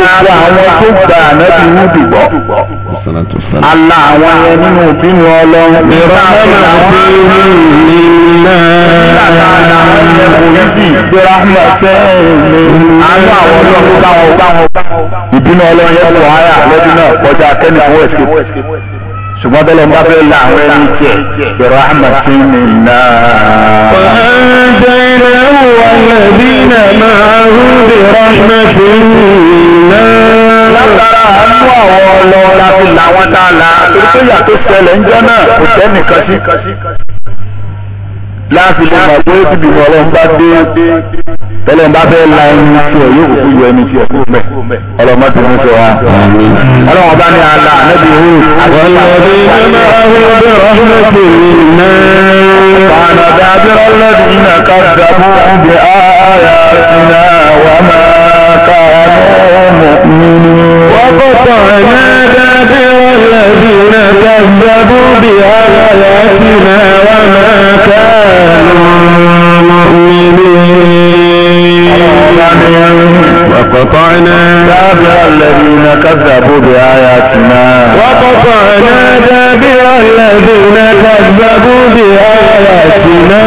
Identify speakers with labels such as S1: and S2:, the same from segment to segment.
S1: gbogbo àwọn tó gba ànábì wúdù gbọ́. Àlà àwọn yẹn nínú ìbínú ọlọ́run. Ìrọ̀lẹ́ àwọn ìlú ìlú ìbínú ọlọ́run yẹn kò
S2: háyà lọ́dún náà kọjá kẹ́nìkan wẹ̀ sí
S1: ṣùgbọ́n tẹ́lẹ̀ ń bá fẹ́ la àwọn ẹni tiẹ̀ bẹ̀rọ àmàtí mi náà. ọ̀hánjẹ́ ilẹ̀ wà lẹ́bí náà máa ń bẹ̀rọ àmàtí náà. látara àánú àwọn ọlọ́ọ̀la fi làwọn tá torí pé yàtọ̀ ṣẹlẹ̀ ń jẹ́ náà kò tẹ́ nìkan sí láti lè mọ̀ pé bíbí ọlọ́run bá dé tọ́lọ́run bá fẹ́ la ẹni tí ẹ yóò kúkú yọ ẹni tí ẹ kúkú mẹ́ ọlọ́mọ ti mú sọ wa. ọlọ́run bá ní ala nẹ́bí hó àgbọ̀nlọ́dé máa ń bẹ̀ ọ́nẹ́bí náà. ọ̀nà dàbí ọlọ́dún iná ká dàbí ọ̀gbẹ́ ààyà iná wà máa ká ọmọ mi. wọ́n kọ́ sọ̀rọ̀ náà. الذين كذبوا بآياتنا وقطع نادى بها الذين كذبوا بآياتنا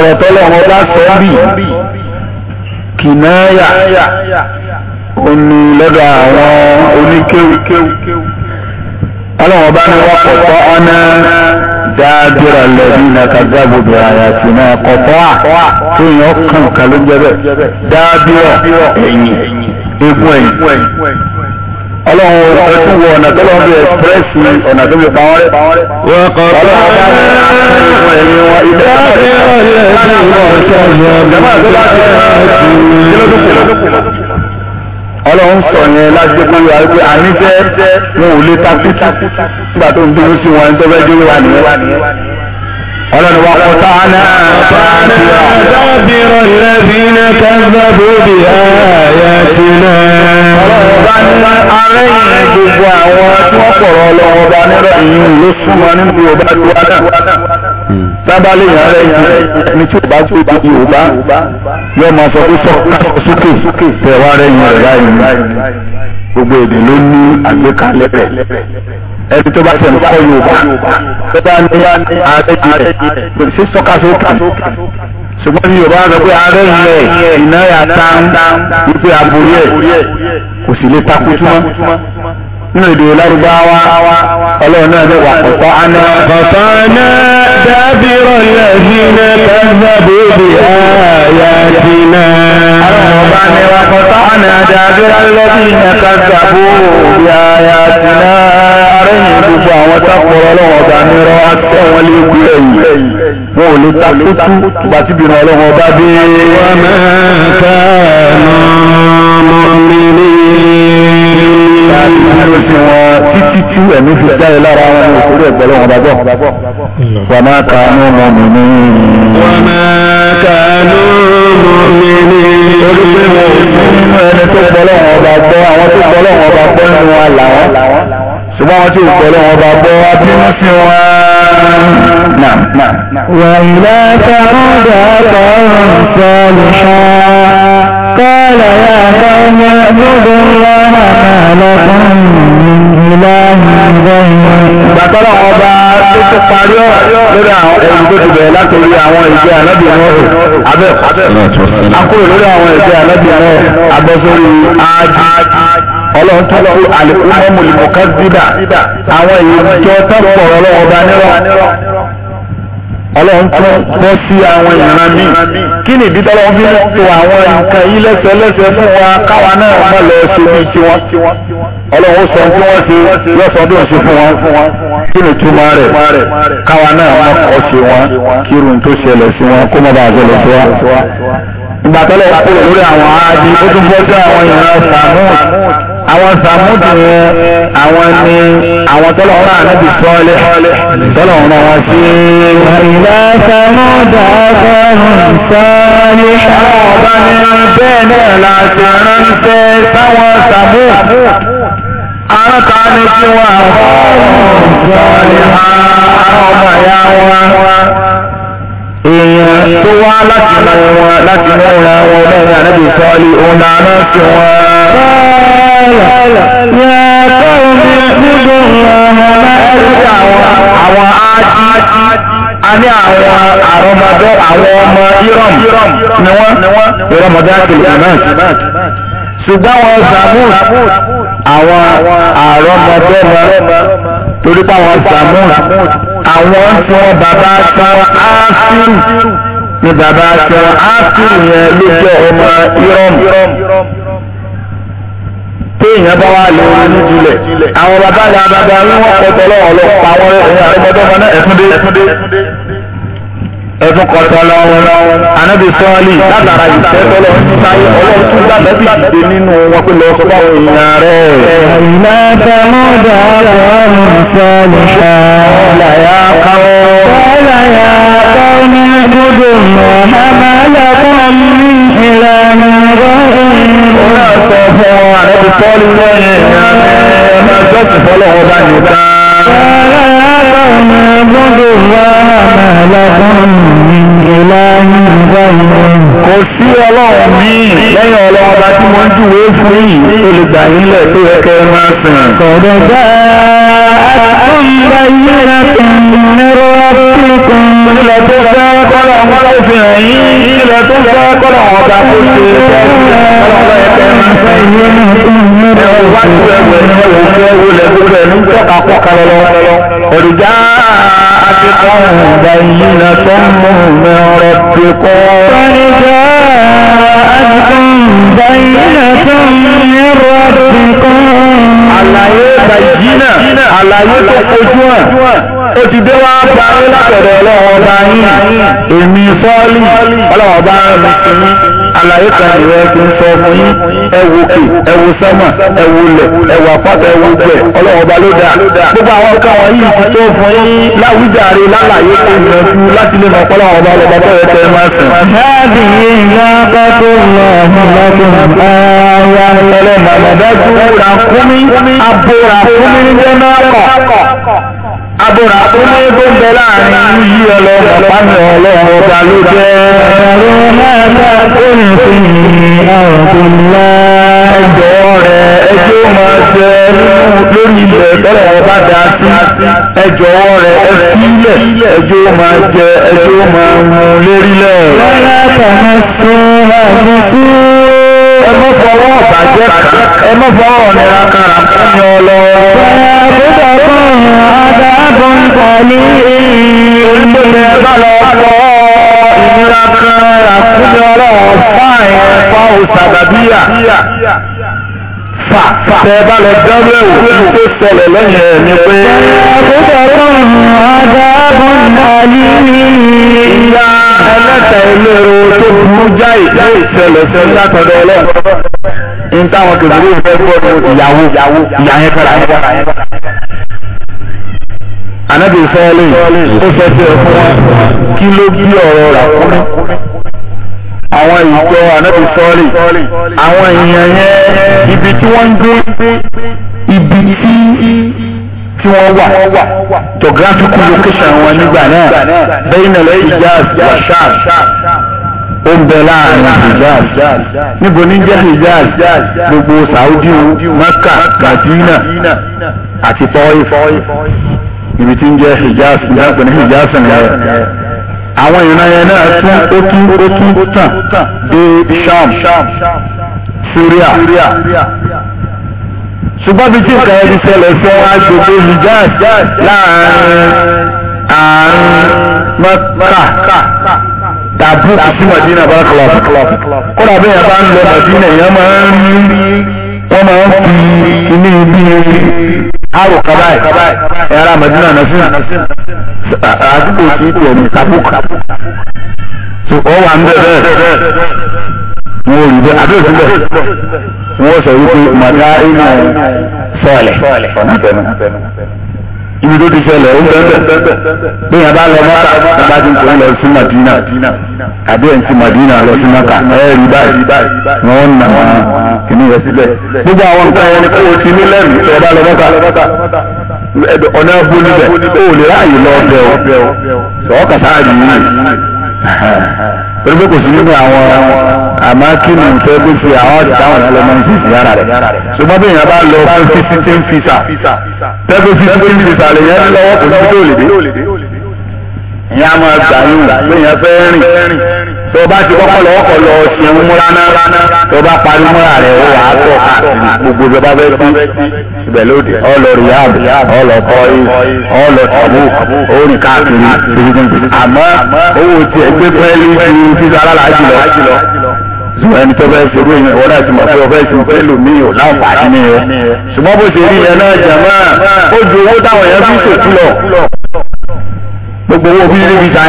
S1: أرى طلع وضعك صبي كناية أني لدى عوان أني كو ألا وضعنا وقطعنا دابر الذين كذبوا بآياتنا قطع في يوقع كلمة دابر egun ẹ̀yìn ọlọ́run ẹtún wọ ọ̀nà tó lọ́wọ́ bí ẹ̀sìpẹ́rẹ́sì ọ̀nà tó fi pa wọ́n rẹ̀. wọ́n kọ́ tó bá wà ní ìwọ̀n ẹ̀mí wọn ìdá àti ọ̀yẹ́ ẹ̀sìn wọn sọ̀rọ̀ jàmbá tó bá ti ẹ̀sìn ọlọ́run sọ yẹn láti pé wíwá wípé àní jẹ́ wọn ò lè takú nígbà tó ń dúró sí wọn ẹni tó fẹ́ dúró wà nìyẹn ọlọ́run wa kò tá a náà sábìrọ̀ lẹ́bìnà kẹ́sàbù bí ààyè ti náà. ọlọ́run bá ní arẹ́yìn gbogbo àwọn tí wọ́n pọ̀rọ̀ ọlọ́run bá nírọ̀ ìyún ló súnmọ́ nínú yorùbá tó wá náà. sábàlẹ̀ yàrá rẹ̀ ẹni tí yorùbá tó di yorùbá yóò máa sọ pé sọ́kà sókè tẹ̀wá rẹ̀ yìí rẹ̀ báyìí gbogbo èdè ló ní àgbékalẹ̀
S2: rẹ̀
S1: ẹni tó bá tẹ̀ ń kọ́ yorùbá
S2: tó bá ní ààrẹ jìnlẹ̀ kò sí sọ́ka ṣùgbọ́n ní yorùbá rẹ̀ pé ààrẹ ilẹ̀ iná yà tán wípé àbúrí ẹ̀ kò sì lè takú túmọ̀ nínú èdè lárúbáwá ọlọ́run náà lè wà aná. bàbá náà dábìrọ̀ lẹ́sìn náà
S1: kásábò bí àyà ti náà. àwọn ọba ni wà pọ̀pọ̀ aná dábìrọ̀ lẹ́sìn náà àyà ti gbogbo àwọn tápọ̀rọ̀ ọlọ́wọ́ ọba nírọ́ àtọ́ wọn lé kú ẹ̀yìn wọn ò lè ta kútú gbàtíbìnrin ọlọ́wọ́ ọba dé. wọ́n máa ká ọmọ mi ní ìlú sí wọn títí tí ẹ̀mí fi jáde lára wọn ní òkúrò ẹ̀gbọ́n ọba gbọ́. wọ́n máa ká ọmọ mi ní. wọ́n máa ká ọmọ mi ní. torí pé wọn ò ní ẹni tó gbọ́ lọ́wọ́ ọba gbọ́ àwọn tó gbọ́ lọ́wọ́ ọba gbọ́ nínú wa àwọn tí ò gbọ́lọ́ wọn bá gbọ́ wá bínú sí wọn. وإذا
S2: تردى قوم صالحا قال يا قوم اعبدوا الله ما لكم من
S1: إله غيره tó tó parí ọ̀rọ̀ lórí àwọn ẹni tó ti bẹ̀rẹ̀ látòrí àwọn ìgbẹ́ alábìnrin ọ̀rọ̀ abẹ́ akúrò lórí àwọn ìgbẹ́ alábìnrin ọ̀rọ̀ abẹ́sórí ájì. ọlọ́run tó kú àlùkùnmọ́mùlùmọ́ká dídà àwọn ìjọ tó pọ̀rọ̀ lọ́wọ́ bá nírọ̀ ọlọ́run tó bọ́ sí àwọn ìran kí ni fi ń to àwọn nǹkan yìí lẹ́sẹ̀lẹ́sẹ̀ sọ wọ́n ṣe ṣe fún wọn kí ni túmọ̀ rẹ̀ káwa náà má kọ́ wọn kí irun tó ṣẹlẹ̀ sí wọn kó má bàa sí wa.
S2: ìgbà kúrò
S1: àwọn sàmúdù yẹn àwọn ni àwọn tọ́lọ̀ ọ̀rọ̀ ànábì sọ́ọ́lẹ̀ tọ́lọ̀ ọ̀rọ̀ wọn sí. ìlà sàmúdù ọgọ́rùn-ún sọ́ọ́lẹ̀. ọba ni bẹ́ẹ̀ náà la ṣe ránṣẹ́ sáwọn sàmúdù. aráta ni kí wọn àwọn sọ́ọ́lẹ̀ ọmọ ìyá wọn èèyàn tó wá láti mú wọn láti mú wọn wọn lẹ́yìn ànábì sọ́ọ́lẹ̀ òun náà náà sí wọn. يا قوم اعبدوا الله ما àwọn ájí a ní àwọn àrọmọdé àwọn ọmọ irom ni wọ́n ìrọmọdé àkìlì anáàt ṣùgbọ́n wọn zamud àwọn àrọmọdé wọn torí pé àwọn zamud àwọn tí wọn bàbá sára áṣírù ni bàbá sára áṣírù yẹn ló ọmọ irom téèyàn bá wà lọ ní jùlẹ̀ àwọn bàbá ni àbàbà yín wọ́n kọ́ tọ́lọ́ ọ̀lọ́ pa wọ́n ẹ̀yìn àrẹ́mọdọ́mọ náà ẹ̀túndé ẹ̀tún kọ́ tọ́lọ́ anábì sọ́ọ́lì látara ìfẹ́ tọ́lọ́ táyé ọlọ́run tún dábẹ́ bí ìdè nínú wọn pé lọ́ọ́ sọ báwọn èèyàn rẹ̀. ìlà tẹmọdà ọlọ́run sọ́ọ́lì ṣáà láyà káwọn. láyà ọlọ́run bá nìkan.
S2: Ṣọ́lá ọmọ gbọ́dọ̀ wá àmàlàkùn ìlànà ìgbàlẹ̀. Kò sí ọlọ́run mi lẹ́yìn ọlọ́run bá tí wọ́n júwe fún yìí tó lè gbà yín lẹ̀ tó yẹ kẹ́ ẹ máa sìn. Sọ̀dọ̀ bá àtúnbáyé nírọ̀ kíkún. Ilẹ̀ tó fẹ́ kọ́lọ̀ wọn ló fi hàn yín. Ilẹ̀ tó fẹ́ kọ́lọ̀ wọn bá kó ṣe kọ́lọ̀ wọn lọ́yẹ̀kẹ́ máa sìn. Ẹ̀rù wá ju ẹgbẹ̀rún ẹ̀rù
S1: fẹ́ wọlé tó ló ń tọ́ka pọ̀ kan lọ́lọ́. Òrìjà akẹ́kọ̀ọ́ ọ̀gá yìí na tó ń mú mi ọ̀rọ̀ ti kọ́. Òrìjà akẹ́kọ̀ọ́ ọ̀gá yìí na tó ń mú mi ọ̀rọ̀ ti kọ́. Àlàyé bàjínà, àlàyé tó kojú hàn. Ó ti dé wá bá yín látọ̀dọ̀ ọlọ́run ọba yín. Èmi sọ́ọ́lì, ọlọ́run ọba ẹ wo kè ẹ wo sánmà ẹ wo lẹ̀ gbẹ ọlọ́run ló dáa gbogbo àwọn káwọn yìí ti tó fún yín láwùjáre lálàyé tó yẹ fún láti lè mọ ọpọlọ ọba ọba tó yẹ kẹ ẹ máa sìn. àbí ìyá kọ́tò lọ ọ̀hún ọ̀hún ọ̀hún ọ̀hún ọ̀hún Abúra tó ní tó ń bẹ láàrin yí ọlọ́run pàmì ọlọ́run ọba ló jẹ́. Ẹ̀rọ náà bá tó ń fi àwọn tó ń lọ.
S2: Ẹjọ́ rẹ̀ ẹjọ́ máa jẹ lórí ilẹ̀ tọ́lọ̀ ọba dá sí. Ẹjọ́ rẹ̀ ẹsílẹ̀ ẹjọ́ máa jẹ ẹjọ́ máa mú lérílẹ̀. Lọ́lá kàmá sí àwọn tó ẹ mọ́ fọwọ́ bàjẹ́ ẹ mọ́
S1: fọwọ́ nira kára pàmì ọlọ́run. Bẹ́ẹ̀ عذاب قليل ìnira kan àkúnlẹ̀ ọlọ́run fáìn fa òsàbàbíyà fà tẹ bá lọ dáwọ́ ẹ̀wò tó sọlẹ̀ lẹ́yìn ẹ̀ ni pé. àkúndàkùn àdàbùn àlìní. ìyá ẹlẹ́tà ìlérò tó burú jáì láì ṣẹlẹ̀ sí látọ̀dọ̀ ìyàwó ànábì sọ́ọ́lì ó sọ sí ẹ fún wọn kí ló bí ọ̀rọ̀ rà kúrú àwọn ìjọ ànábì sọ́ọ́lì àwọn èèyàn yẹn ibi tí wọ́n ń gbé ibi tí tí wọ́n wà geographical location wọn nígbà náà bẹ́yìn lọ hijaz wa sham ó ń bẹ láàrin hijaz níbo ní jẹ́ hijaz gbogbo saudi mecca madina àti tọ́yì ibi tí ń jẹ́ hijaz ìyàpẹ ní hijaz nìyẹn àwọn ìran yẹn náà tún ó tún ó tún tàn dé sham syria ṣùgbọ́n bí tí nǹkan ẹbí ṣẹlẹ̀ fẹ́ agbègbè hijaz láàrin àárín mọ́kà tàbí sí madina barakalọ́ọ̀fù kódà bí yẹn bá ń lọ madina yẹn máa ń rí wọ́n máa ń fi ilé ibi àrò kábàáyì ẹ̀rọ àmọ̀dínà nàfún àdúgbò tí ìpè ní kápúkà tó ọ wà ń bẹ̀ bẹ́ẹ̀ wọn ò rí bẹ́ẹ̀ àbí òsì bẹ́ẹ̀ wọ́n sọ wípé màdá iná
S2: sọ̀lẹ̀ ọ̀nà tẹ̀mẹ́ ibi tó ti ṣẹlẹ̀ ó bẹ́ẹ̀ bí yàrá lọ mọ́ta nígbà tí nǹkan lọ sí Madina
S1: àbí ẹ̀ ń ti Madina lọ sí mọ́ta ẹ̀ rí báyìí wọ́n nà wọ́n kìíní rẹ̀ síbẹ̀.
S2: gbogbo àwọn nǹkan yẹn ni kó o ti ní lẹ́rìí tí ọba lọ mọ́ta
S1: ọ̀nà ẹ̀bùn níbẹ̀ ó lè ráàyè lọ bẹ̀ ọ́
S2: sọ̀ọ́ kàtà yìí
S1: torí pé kò sí nínú àwọn àmákínú tẹ́ bí fi àwọn ọ̀dì táwọn ìyá lọ́mọ ní sísì yàrá rẹ̀ ṣùgbọ́n bí èèyàn bá lọ fún fifteen fisa tẹ́ bí fifteen fisa lè yẹn lọ́wọ́ kò ní tó lè dé ìyá máa gbà yín pé èèyàn fẹ́ rìn tó bá ti kọ́kọ́ lọ ọkọ̀ lọ ṣe ń múra náà tó bá parí múra rẹ̀ ó wà á tọ̀ káàkiri gbogbo tó bá fẹ́ sí ibẹ̀ lóde ọlọ riyadu ọlọ kọ́yí ọlọ tàbú orin káàkiri gbogbo àmọ́ owó tiẹ̀ gbé pẹ́ẹ́lí ju sísá alálàájì lọ ṣùgbọ́n ẹni tó fẹ́ ṣerú yẹn wọ́n láti mọ̀ pé ọ̀fẹ́ ṣe fẹ́ lò mí ò láǹfààní ni o ṣùgbọ́n bó ṣe rí yẹn náà jẹ̀mọ́ ó ju owó táwọn yẹn fi ṣòkú lọ gbogbo owó fi rí ibi ta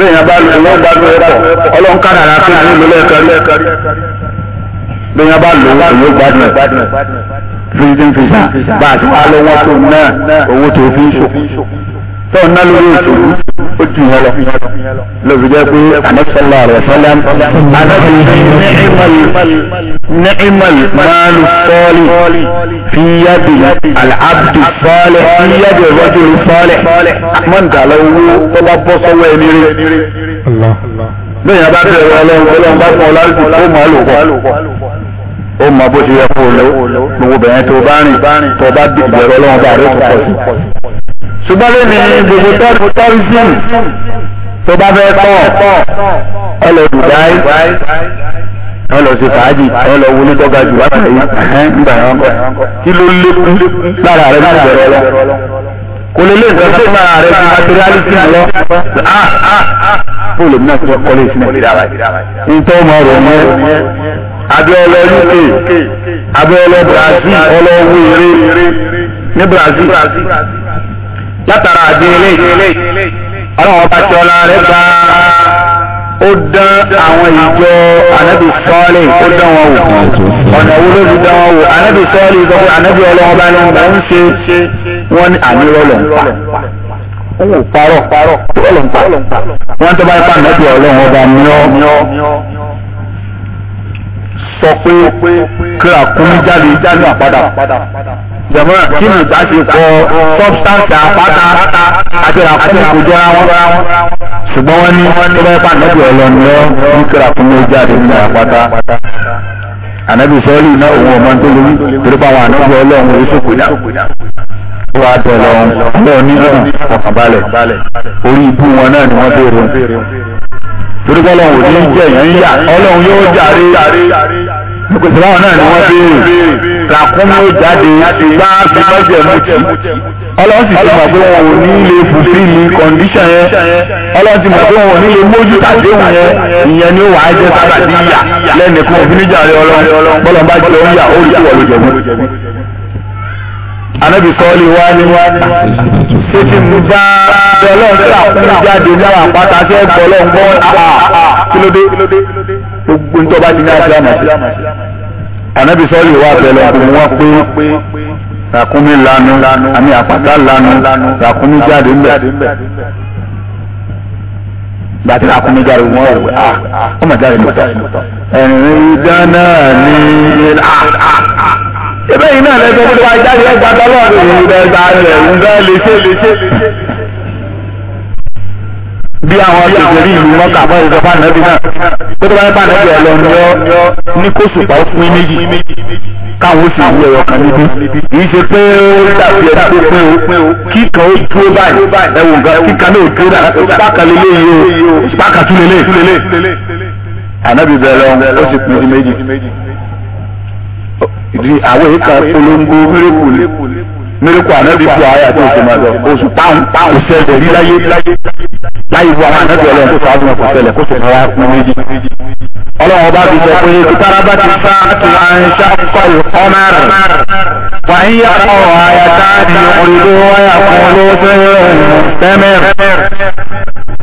S1: bẹ́ẹ̀ yẹn bá lu ìwọ́n gbádùn ẹ̀ pọ̀ ọlọ́nkánà rà fún mi lọ́lẹ́kẹ́rí
S2: bẹ́ẹ̀
S1: yẹn bá lu ìwọ́n gbádùn ẹ̀ fíjìn fíjà bá a ti wá lọ́wọ́ tó náà owó tó fi ń ṣòfò tó ná lórí ètò ó tù yẹn lọ lọ́bi jẹ́ pé anasala rẹ̀ sọ́lá anasala ni'imal maalu sọ́ọ̀lì fiyadi al'abdu sọ́ọ̀lì fiyadi rọ́jòlù sọ́ọ̀lì mọ̀ntàlá owó tó bá bọ́ sọ́wọ́ ẹni rẹ̀
S2: lóyìn
S1: abá bẹ̀rẹ̀ ọlọ́run ọlọ́run bá fún ọ tó máa lò pọ̀ ó mọ bó ti yẹ kó o lò gbogbo bẹ̀rẹ̀ tó bá rìn tó bá bí ìbẹ̀rù ọlọ́run bá rẹ̀ tó pọ̀ sí. ṣùgbọ́n lónìí gbogbo tọ́rísìm tó bá fẹ́ kọ́ ẹ lọ Dubai ẹ lọ sí fàájì ẹ lọ wọlé tọ́ga jù wákàtí ẹ̀hẹ́n nígbà yẹn kọ́ kí ló lékún lára rẹ̀ ní ìbẹ̀rù ọlọ́run kò lè lé nǹkan máa rẹ̀ ju materiality lọ fóònù ah, ah, ah. náà ti kọ́lé ìsinmi ìdára ọmọ rẹ̀ ní abiola uk abiola brazil brazil látara àdéhùn ọlọ́run ọba tí brazil ó dán àwọn ìjọ anabi sọ́ọ̀lì ó dán wọn wò ọ̀nà wo ló fi dán wọn wò anabi anabi ọba ló ń bá ń ṣe wọ́n ní àmì rọ́lọ̀ ń pa owó parọ́ rọ́lọ̀ ń tó bá ń pa anabi sọ pé kíra kúmi jáde jáde àpadà
S2: jẹmọ kí ni ìgbà ṣe kọ substance àpáta
S1: àti àkúmi kò jọra wọn ṣùgbọ́n wọ́n ní tó bá yẹ pa ànábì ọlọ́ni lọ ní kíra kúmi jáde jáde àpáta ànábì sọ́ọ́lì náà òun ọmọ tó lórí torí báwọn ànábì ọlọ́run orí sókòdà ó wàá tọ̀lọ̀ ọlọ́run nínú ọ̀kànbalẹ̀
S2: orí ibú wọn náà ni wọ́n béèrè torí bọ́lọ́run ò ní jẹ̀yìn yá ọlọ́run yóò jàre ìsìláwọn náà ni wọ́n béèrè làkúnmí ó jáde bá fi mọ́jẹ̀ mú
S1: ti ọlọ́run sì ti mọ̀ pé wọn ò ní lè fùfí ní kọ̀ǹdíṣàn yẹn ọlọ́run ti mọ̀ pé wọn ò ní lè mójú tàdéhùn yẹn ìyẹn ni ó wàá jẹ́ sábà níyà lẹ́nu kí wọ́n fi níjà rẹ ọlọ́run bọ́lọ̀ bá jẹ́ òun yà ó rí ìwọ̀ lójẹ̀mú anabi sọ́ọ́lì wá ní ṣé tí mo bá ọlọ́run tí àkúrú jáde lára àpáta tí ẹ gbọ́ ọlọ́run gbọ́ ah, ah, kílódé
S2: gbogbo
S1: ní tọ́ba ti àti àmàṣe. anabi sọ́ọ́lì wá bẹ̀rẹ̀ ọkùnrin wọn pé ràkúnmí lanu àmì àpáta lanu ràkúnmí jáde ńbẹ gbàtí àkúnmí jáde wọn rẹ wẹ ah, ọmọ jáde lọ́tọ̀ ẹ̀rín dáná ní ah ah ah ebe yìí náà lẹ́sọ̀ tó wá jáde ẹgbà tọ́lọ́ọ̀dù yìí lẹ́sà rẹ̀ ń bẹ́ léṣe léṣe. bí àwọn ìṣèlérí ìlú mọ́kà mọ́ ìṣọ́ fànẹ́bí náà tó tó bá ní fànẹ́bí ọlọ́run yọ ní kóṣùpá ó fún méjì káwọn sì wú ẹ̀rọ kan níbí kì í ṣe pé ó dàbí ẹ̀ tó pé o kí kan ó dúró báyìí ẹ̀wù gan kí kan náà dúró dáadáa pàkà lélẹ̀ yìí o pàkà tún lélẹ̀
S2: ànábì bẹ̀rẹ̀ ọ̀hún ó sì pín
S1: méjì ìdí àwọn èyí kan polongo mérèkù mérèkù ànábì fún ayé àti òṣèlú àjọ oṣù táwọn kò ṣẹlẹ̀ rí láyé láyé wọ àwọn ànábì ọlọ́run tó fà á fún ọkọ̀ ṣẹlẹ̀ kó sì fà wá fún méjì. ọlọ́run ọba fi sọ pé kíkárá bá ti sá àti àìsà kọ́ ìkọ́mẹ́rẹ̀ wà ń yà kọ́ àyàtá ni òrìlú wáyà fún olóṣèlú tẹ́mẹ́rẹ̀.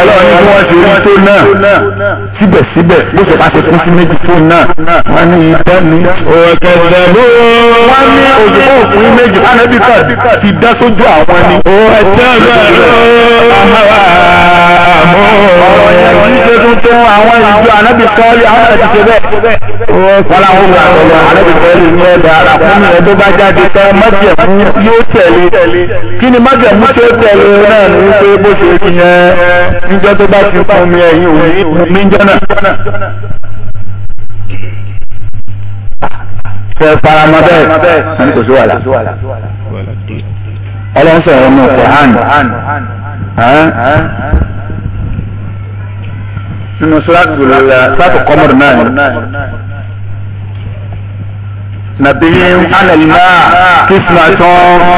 S1: ọlọ́run ní wọ́n ṣe rí tó náà síbẹ̀síbẹ̀ bó ṣe bá ṣe kún sí méjì tó náà wọ́n ní ìdá ní ọ̀kẹ́dẹ̀ ló wọ́n ní òyìnbó òpin méjì kánẹ́bí kan ti dá sójú àwọn ni. ọ̀kẹ́dẹ̀ ló ọ̀rọ̀ yẹn kì í ṣe tuntun àwọn ìjọ ànábì sọ́ọ́lì àwọn ẹ̀dì ṣe bẹ́ẹ̀. wọ́n làwọn ọmọ àtọ̀lọ́ ànábì sọ́ọ́lì ní ọ̀dà àràkúnmí ẹ̀ tó bá jáde tán májẹ̀mú yóò tẹ̀lé kí ni májẹ̀mú tó tẹ̀lé náà ní pé bó ṣe ti yẹn níjọ́ tó bá ti fún mi ẹ̀yìn òní mi jọ́nà
S2: fẹ́ faramọ́ bẹ́ẹ̀ wọ́n ní kò sí wàhálà ọlọ́run sọ̀rọ̀ ọmọ ọ̀pọ̀ hàn
S1: منه سورة القمر نان نبيهم على الماء كسمة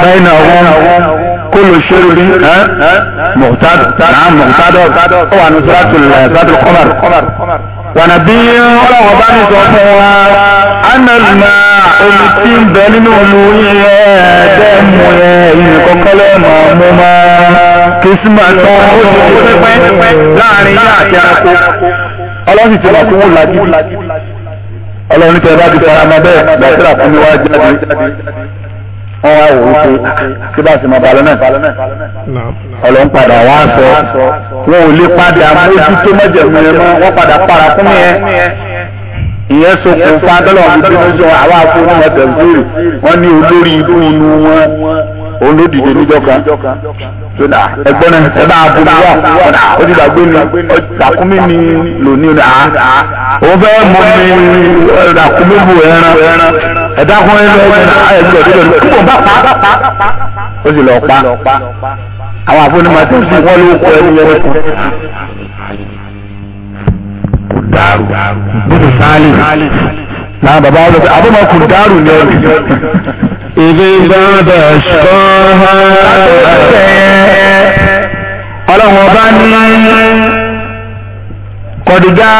S1: بينهم كل شرب مغتاد نعم مغتاد هو نصرات القمر ونبيهم على غبان زوجها anàlùmọ́ omi tí ń bẹ nínú olú yẹ dẹ́mu yẹ ìyìn kọ́kọ́lẹ́ mọ̀ mú mọ́ kìsímọ̀tò ó ti kú pẹ́pẹ́ láàrin yá àti ẹranko ọlọ́sìn ti wà fún wọn lajú
S2: ọlọ́run tẹ bá ti fara mọ́ bẹ́ẹ̀ gbàdúrà fún mi wá jáde wọ́n wá
S1: wò ó pé tí bá sì máa balẹ̀ náà
S2: ọlọ́run padà wá sọ wọn ò lè padà mójútó mọ́jẹ̀mú yẹn mọ́ wọ́n padà para fún mi yẹn
S1: ìyẹn ṣokùnfà tọ́lọ́run bí wọ́n sọ àwa fún wọn ní olórí ikú nu wọn òun ló sódà ẹ̀gbọ́n náà ẹ bá bomi ni dàkúmí ni lòní ọdà òun fẹ́ mọ mi dàkúmí bu ẹran ẹ̀dá kan ẹ fẹ́ ẹ gbọ́dọ̀ bá pa ó sì lọ pa àwọn àfọwọ́nìmọ̀ tẹ̀síìrì wọ́n ló kọ ẹ̀ ní kan dàrú bùnú sáálì náà bàbá wọn sọ àbúmọ̀ kù dàrú ni ọ̀rọ̀ ìdí dáadáa ṣọ́ ha ọlọ́run ọba ní kọ̀dìjà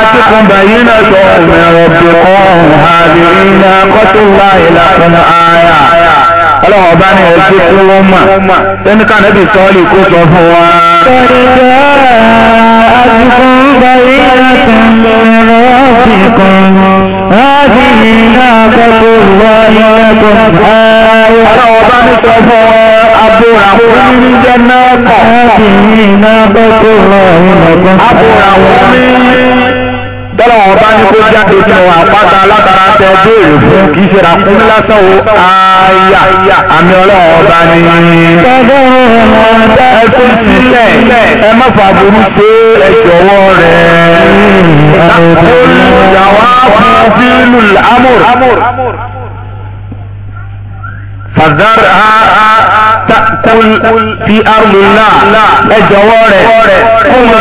S1: akíkúnbà yìí náà sọ ọ̀rọ̀ ọ̀bẹ̀kọ́ ọ̀hún àdìrí náà kọ́tùlá ìlànà ààyà ọlọ́run ọba ní ẹjẹ́ kí wọ́n mà ẹni ká nẹ́bí sọ́ọ́lì kó sọ fún wa. kọ̀dọ̀dọ̀ àdúgbò báyìí láti lọ́rọ̀ ọ̀bìkan láti nínú àkọ́kọ́ lọ́yọ̀ ẹ̀kọ́ ààrẹ. ọlọ́run ọba ní sọ fún wa abúràwọ̀ ní jẹ́ náà kọ̀. láti nínú àkọ́kọ́ lọ́yọ̀ ẹ̀kọ́ ààrẹ. abúràwọ̀ ní tọ́lọ̀ wọn bá ní kó jáde nínú àpáta látara tẹ béèrè fún kì í ṣera fún lásán o àyà àmì ọlọ́run ọba ni. ẹ tó sílẹ̀ ẹ má fà burú pé ẹ jọ̀wọ́ rẹ̀. olùyàwó àfihàn amúr. fàdárà. تأكل في أرض الله أجواره كما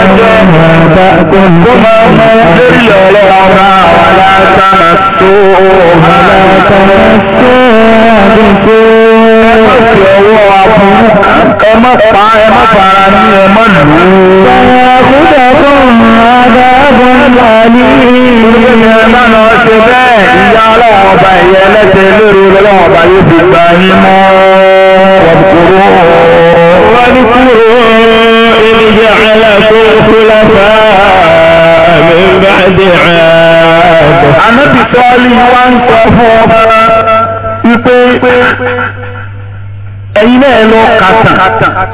S1: تأكل كما يجري لها ولا تمسوها ولا تمسوها بسوء كما فعل فرني مجنون فيأخذكم عذاب أليم من ọlọ́wọ́ ọba ìyẹn lẹ́sẹ̀ lórí ọlọ́wọ́ ọba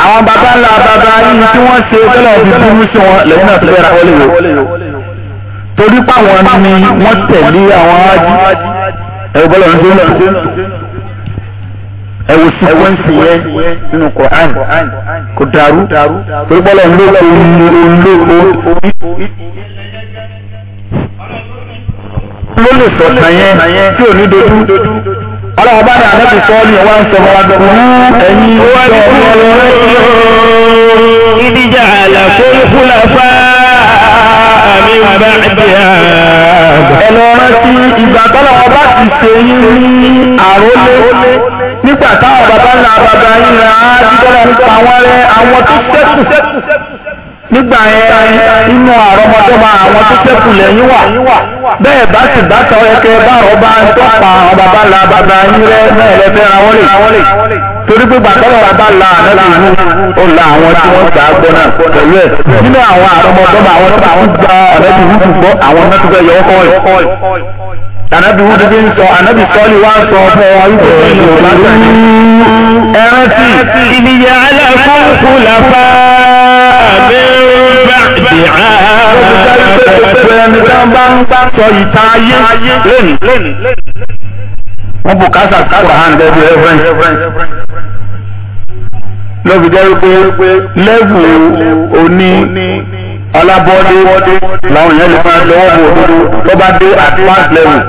S1: àwọn bàbá ńlá bàbá yìí tí wọ́n ṣe tọ́lọ̀ fi búrú sí wọn lẹ́yìn náà tó bẹ́ẹ̀ ra wọlé wò torí páwọn ni wọ́n tẹ̀lé àwọn ájí ẹ̀rù bọ́lá ń dúró náà ẹ̀wù síkúẹ́ǹsì yẹn nínú Qur'an
S2: kò dàrú torí bọ́lá ń lò ó
S1: ló lè sọ̀tàn yẹn tí ò ní dojú ọlọ́wọ́ bá náà lẹ́bi sọ ní ọwọ́ ń sọ wọn adọ́gbọ́ ẹ̀yin sọ ìdíjà àlàkólúkúlà fá àmì bá àdìyà. ẹnu rántí ìgbà tọ́lọ́wọ́ bá ti ṣe yín ní àrólé nígbà táwọn bàbá ńlá bàbá yín ra á dídọ́lọ́ nípa àwọn ẹrẹ àwọn tó ṣẹ́kù nígbà yẹn inú àrọmọdọ́mọ àwọn tó ṣẹ́kù lẹ́yìn wà bẹ́ẹ̀ bá sì bá tọ́ ẹkẹ bá ọba ń tọ́pa àwọn bàbá la bàbá yín rẹ náà lẹ́fẹ́ ra wọ́n lè torí pé gbàtọ́lọ̀ bàbá la àná lè mú ó la àwọn tí wọ́n gbà á gbọ́ náà pẹ̀lú ẹ̀ nínú àwọn àrọmọdọ́mọ àwọn tó bá wọn gba àrẹ́bí wúdù gbọ́ àwọn náà tó fẹ́ yọ ọkọ ẹ̀ ànábì wúdù bí ń sọ ànábì sọ́ọ́lì wá ń sọ fún ọ bá ń sọ ìta ayé lẹ́nu wọ́n bù kásà kásà hàn gẹ́gẹ́ bí reference lọ́bi jẹ́ wípé lẹ́bù oní alábọ́dé làwọn èèyàn lè máa lọ́wọ́ bò dúró
S2: tó bá dé at last level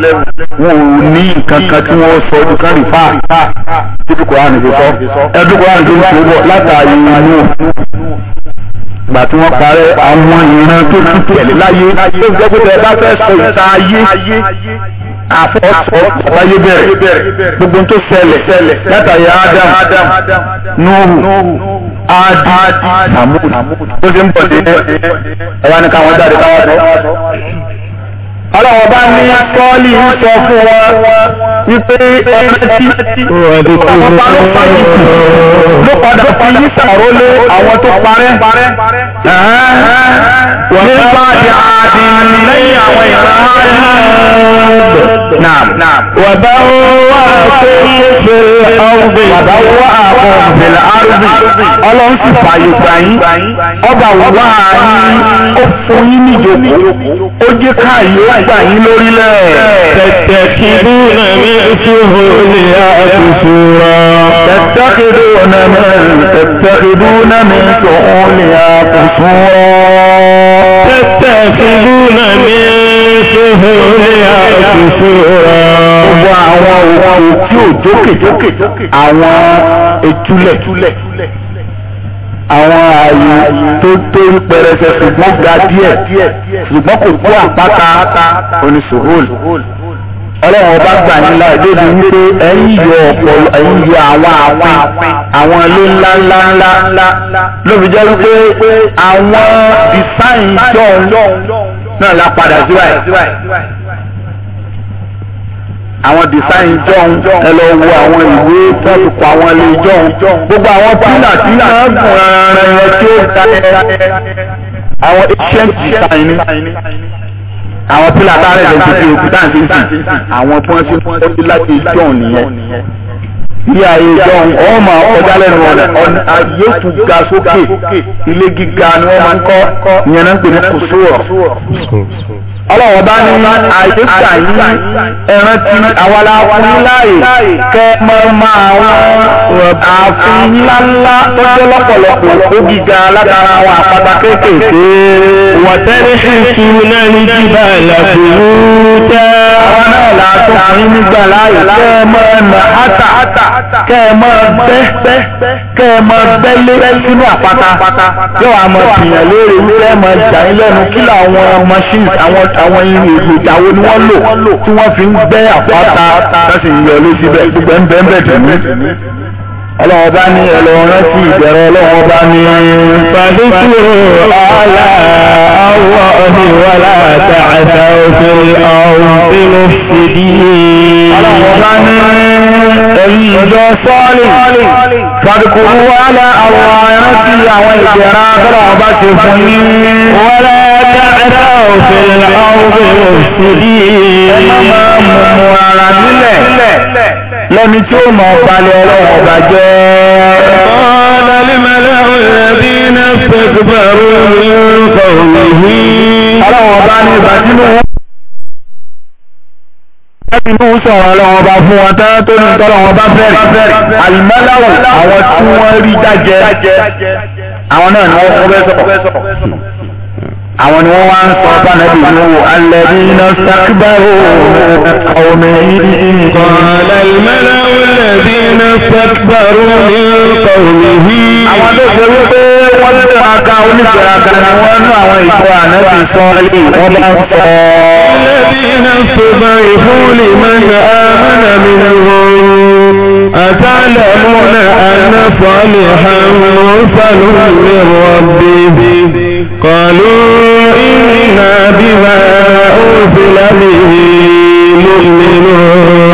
S1: wọn ò ní nǹkan kan tí wọ́n sọ ọdún kan rí fáà títí kòránì fi sọ ẹdún kòránì fi ń tó bọ̀ látàrí inú gbà tí wọ́n parẹ́ àwọn ìran tó kú tẹ̀lé láyé tó jẹ́ pé tẹ̀ bá fẹ́ sọ ìta ayé
S2: àfọ́sọ àbáyé bẹ̀rẹ̀
S1: gbogbo tó ṣẹlẹ̀ látàrí Ádámù Nóhù Ádì Sàmúdù tó ṣe ń bọ̀ dé ẹ̀wá ní káwọn jáde káwọn sọ ọlọ́wọ́ bá ní kọ́ọ̀lì sọ fún wa wípé ẹmẹ́tí ọ̀pọ̀pá ló pàdé ló padà fi yí sàró lé àwọn tó parẹ́ nípa ìhàdì lẹ́yìn àwọn ìhàdì wàbá wà fún fèrè ọ̀gbìn wàbá wà fún fèrè arúgbìn ọlọ́run sì fààyè gbà yín ọba wà yín ó fún yín níjókòó ó jẹ́ káàyè gbà yín lórílẹ̀. tẹ̀tẹ̀ kí bí nàmi ṣòro lè àkùsù rà. tẹ̀tẹ̀ kí bí nàmi tẹ̀tẹ̀ kí bí nàmi ṣòro lè àkùsù rà. tẹ̀tẹ̀ kí bí nàmi ṣòro lè àkùsù rà. gbogbo àwọn òkú tí ò jókè àwọn etúlẹ̀ àwọn ààyè tó tóri pẹrẹsẹ ṣùgbọ́n ga díẹ̀ ṣùgbọ́n kò tó àpáta oníṣòhol ọlọ́run ọba gbà nílá ìdóbi wípé ẹ̀yìn yọ ọ̀pọ̀lọ ẹ̀yìn yọ àwọn àpin àwọn ló ńlá ńlá ńlá lóbi jẹ́ wípé àwọn dísáìn jọ̀ọ́ náà la padà síwáyé àwọn design jọ̀hún ẹ lọ wo àwọn ìwé tó ti kọ àwọn ilé jọ̀hún gbogbo àwọn pílà tí máa ń gùn ara ẹ tí ó da àwọn ancient design ni àwọn pílà tá a rẹ̀ lẹ́sìn sí òkúta àti ìsìn àwọn tí wọ́n ti mú ọdún láti jọ̀hún nìyẹn ilé ayé jọ̀hún ọ̀hún máa kọjá lẹ́nu ọ̀nà ayé tó ga sókè ilé gíga ni wọ́n máa ń kọ́ ìyẹn náà ń pè ní kòsóòrò ọlọ́wọ́ bá ní àyíká yìí ẹran ti àwàlá fún láàyè kẹ mọ́mọ́ àwọn ààfin ńláńlá tó jẹ́ lọ́pọ̀lọpọ̀ ó gíga látara àwọn àpáta kéékèèké. wọ́tẹ́rì ṣì ń sun náà ní jìbá ìlàkùnrin tẹ́. àwọn náà la tún fún yín nígbà láàyè kẹ́ ẹ mọ ẹnà átà kẹ́ ẹ mọ bẹ́ kẹ́ ẹ mọ bẹ́lé sínú àpáta yóò wá mọ tìyàn lóore wíwẹ́ mọ jà yín lẹ́nu kí làwọn machines àwọn àwọn èròjà wo ni wọ́n lò tí wọ́n fi ń gbẹ́ àpáta láti yọ lé síbẹ̀ gbogbo ẹ̀ ń bẹ́ẹ̀ bẹ̀ tẹ̀mí ọlọ́wọ́ bá ní ẹlọ́rán sí ìbẹ̀rẹ̀ ọlọ́wọ́ bá ní. pàdé sí ọ̀la àwọn Fàdùkùrú wà láàwọ̀ ẹ̀rántí àwọn ìgbẹ̀rá tọ́lọ̀ ọba ti fún ní. Wọ́n lẹ́ẹ̀dẹ́rẹ́ òfin ọ̀rọ̀ òṣèlú. Ẹ máa mú ara nílẹ̀ lẹ́ni tí ó mọ̀ balẹ̀ ọlọ́wọ̀ bàjẹ́. Ọlọ́wọ̀ bá ní ìbàjínú Àbí inú sọ̀rọ̀ ọlọ́wọ́ bá fún wọn tán tó ní tọ́lọ̀ wọn bá fẹ́rẹ̀. Àlùmọ́láwò àwọn tí wọ́n rí dájẹ́ àwọn náà ni wọ́n fẹ́ sọ̀rọ̀. Àwọn ni wọ́n wá ń sọ bánàbí ìlú alẹ́ ní iná sákìbárò ọmọ yìí. Kọ̀ọ̀lá ìmọ̀láwò lẹ́bí iná sákìbárò ní kọ̀ọ̀lì yìí. Àwọn tó ṣe wípé wọ́n lé wọn ká oníṣẹ́ àkàrà wọn nú àwọn ìfọ̀ àná الذين استضعفوا لمن آمن منهم أتعلمون أن صالحا مرسل من ربه قالوا إنا بما أرسل به مؤمنون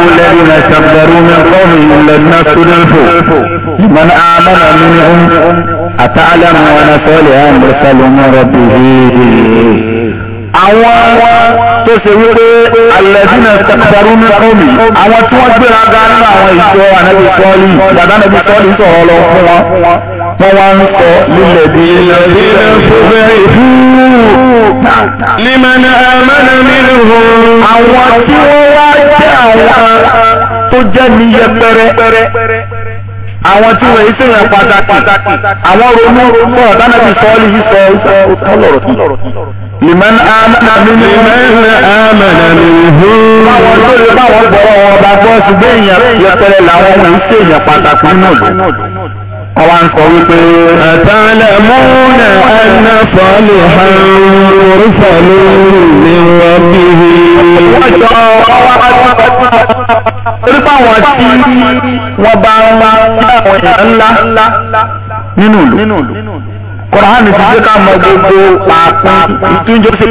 S1: الذين كبروا من قومهم لم نستضعفوا لمن آمن منهم أتعلمون صالحا مرسل من ربه àwọn tó ṣe wípé alẹ́sìnà tẹ̀kọ̀tàrú ní kọ́mì àwọn tí wọ́n gbéra ga nínú àwọn ìṣọ́ ànábì sọ́ọ̀lì dàdá ànábì sọ́ọ̀lì sọ̀rọ̀ lọ fún wọn wọ́n wá ń sọ lílẹ̀ bí ilẹ̀ fúnbẹ̀ ìfú límẹ̀nà ẹ̀mẹ́nà mílíọ̀nù. àwọn tí wọ́n wá jẹ́ àwọn tó jẹ́ ní yẹpẹrẹ àwọn tí wọ́n yìí sì yàn pàtàkì àwọn ronú pọ̀ tánàbì sọ́ọ̀lì yìí sọ ọlọ́rọ̀ lèmẹ́n àmàna nínú lèmẹ́n àmàna nínú. báwọn tó lè báwọn gbọ́rọ̀ wọn bá gbọ́ ṣùgbọ́n èèyàn yẹpẹrẹ làwọn kì í ṣe èèyàn pàtàkì nínú ìlú. ọwọ́ ń sọ wípé. àtàlẹ̀ múnà ẹ̀nà fọ́lù hàrùn fọ́lù ní wọ́n bí i. wọ́n jọ ọwọ́ torí báwọn tí wọ́n bá ń bá àwọn èèyàn ńlá nínú ìlú. Quran ti jẹ́ ká mọ gbogbo pàápàá ìtúnjọ́sẹ̀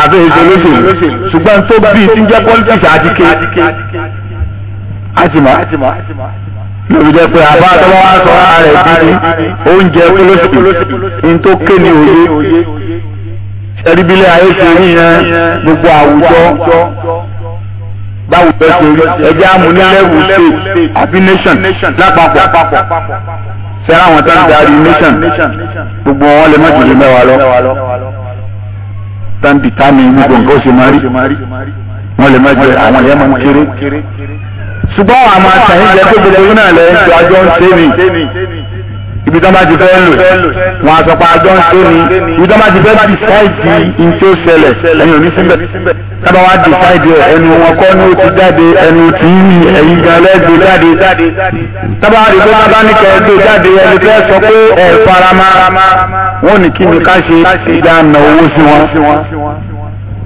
S1: àbẹ ìṣòlóṣèlú ṣùgbọ́n tó bí ti ń jẹ́ politics àdìke àtìmá lórí jẹ́ pé àbá àtọ́wọ́ wá sọ ààrẹ ìdílé oúnjẹ kólóṣèlú ní tó ké ní òye ẹ̀rí bílẹ̀ ayé ṣe rí yẹn gbogbo àwùjọ báwo bẹ́ẹ̀ ṣe rí ẹjẹ́ àmúnilẹ́wù state àbí nation lápapọ̀ fẹ́ràn àwọn tó ń darí nation gbogbo wọn lè má jùlọ mẹ́wàá lọ tó ń dìtámì gbogbo nǹkan ó ṣe máa rí wọn lè má jẹ àwọn yẹn máa ń kéré ṣùgbọ́n àwọn àtàyìn jẹ́ gbogbo yín náà lẹ́yìn tó ajọ́ ń ṣe mi ibi tó bá ti fẹ́ lò wọn àsọpọ̀ àjọ ń tó ni ibi tó bá ti fẹ́ dìsáìdì ní tí ó ṣẹlẹ̀ ẹ̀yin ò ní síbẹ̀ tábà wá dìsáìdì ẹ̀ ẹnu wọn kọ́ ni ó ti jáde ẹnu tí ń rìn ẹ̀yin gan lẹ́gbẹ̀ẹ́ jáde tábà wá dìgbò tábà ní ẹni fẹ́ sọ pé ẹ̀ farama wọn ní kí ni ká ṣe ìjà owó sí wọn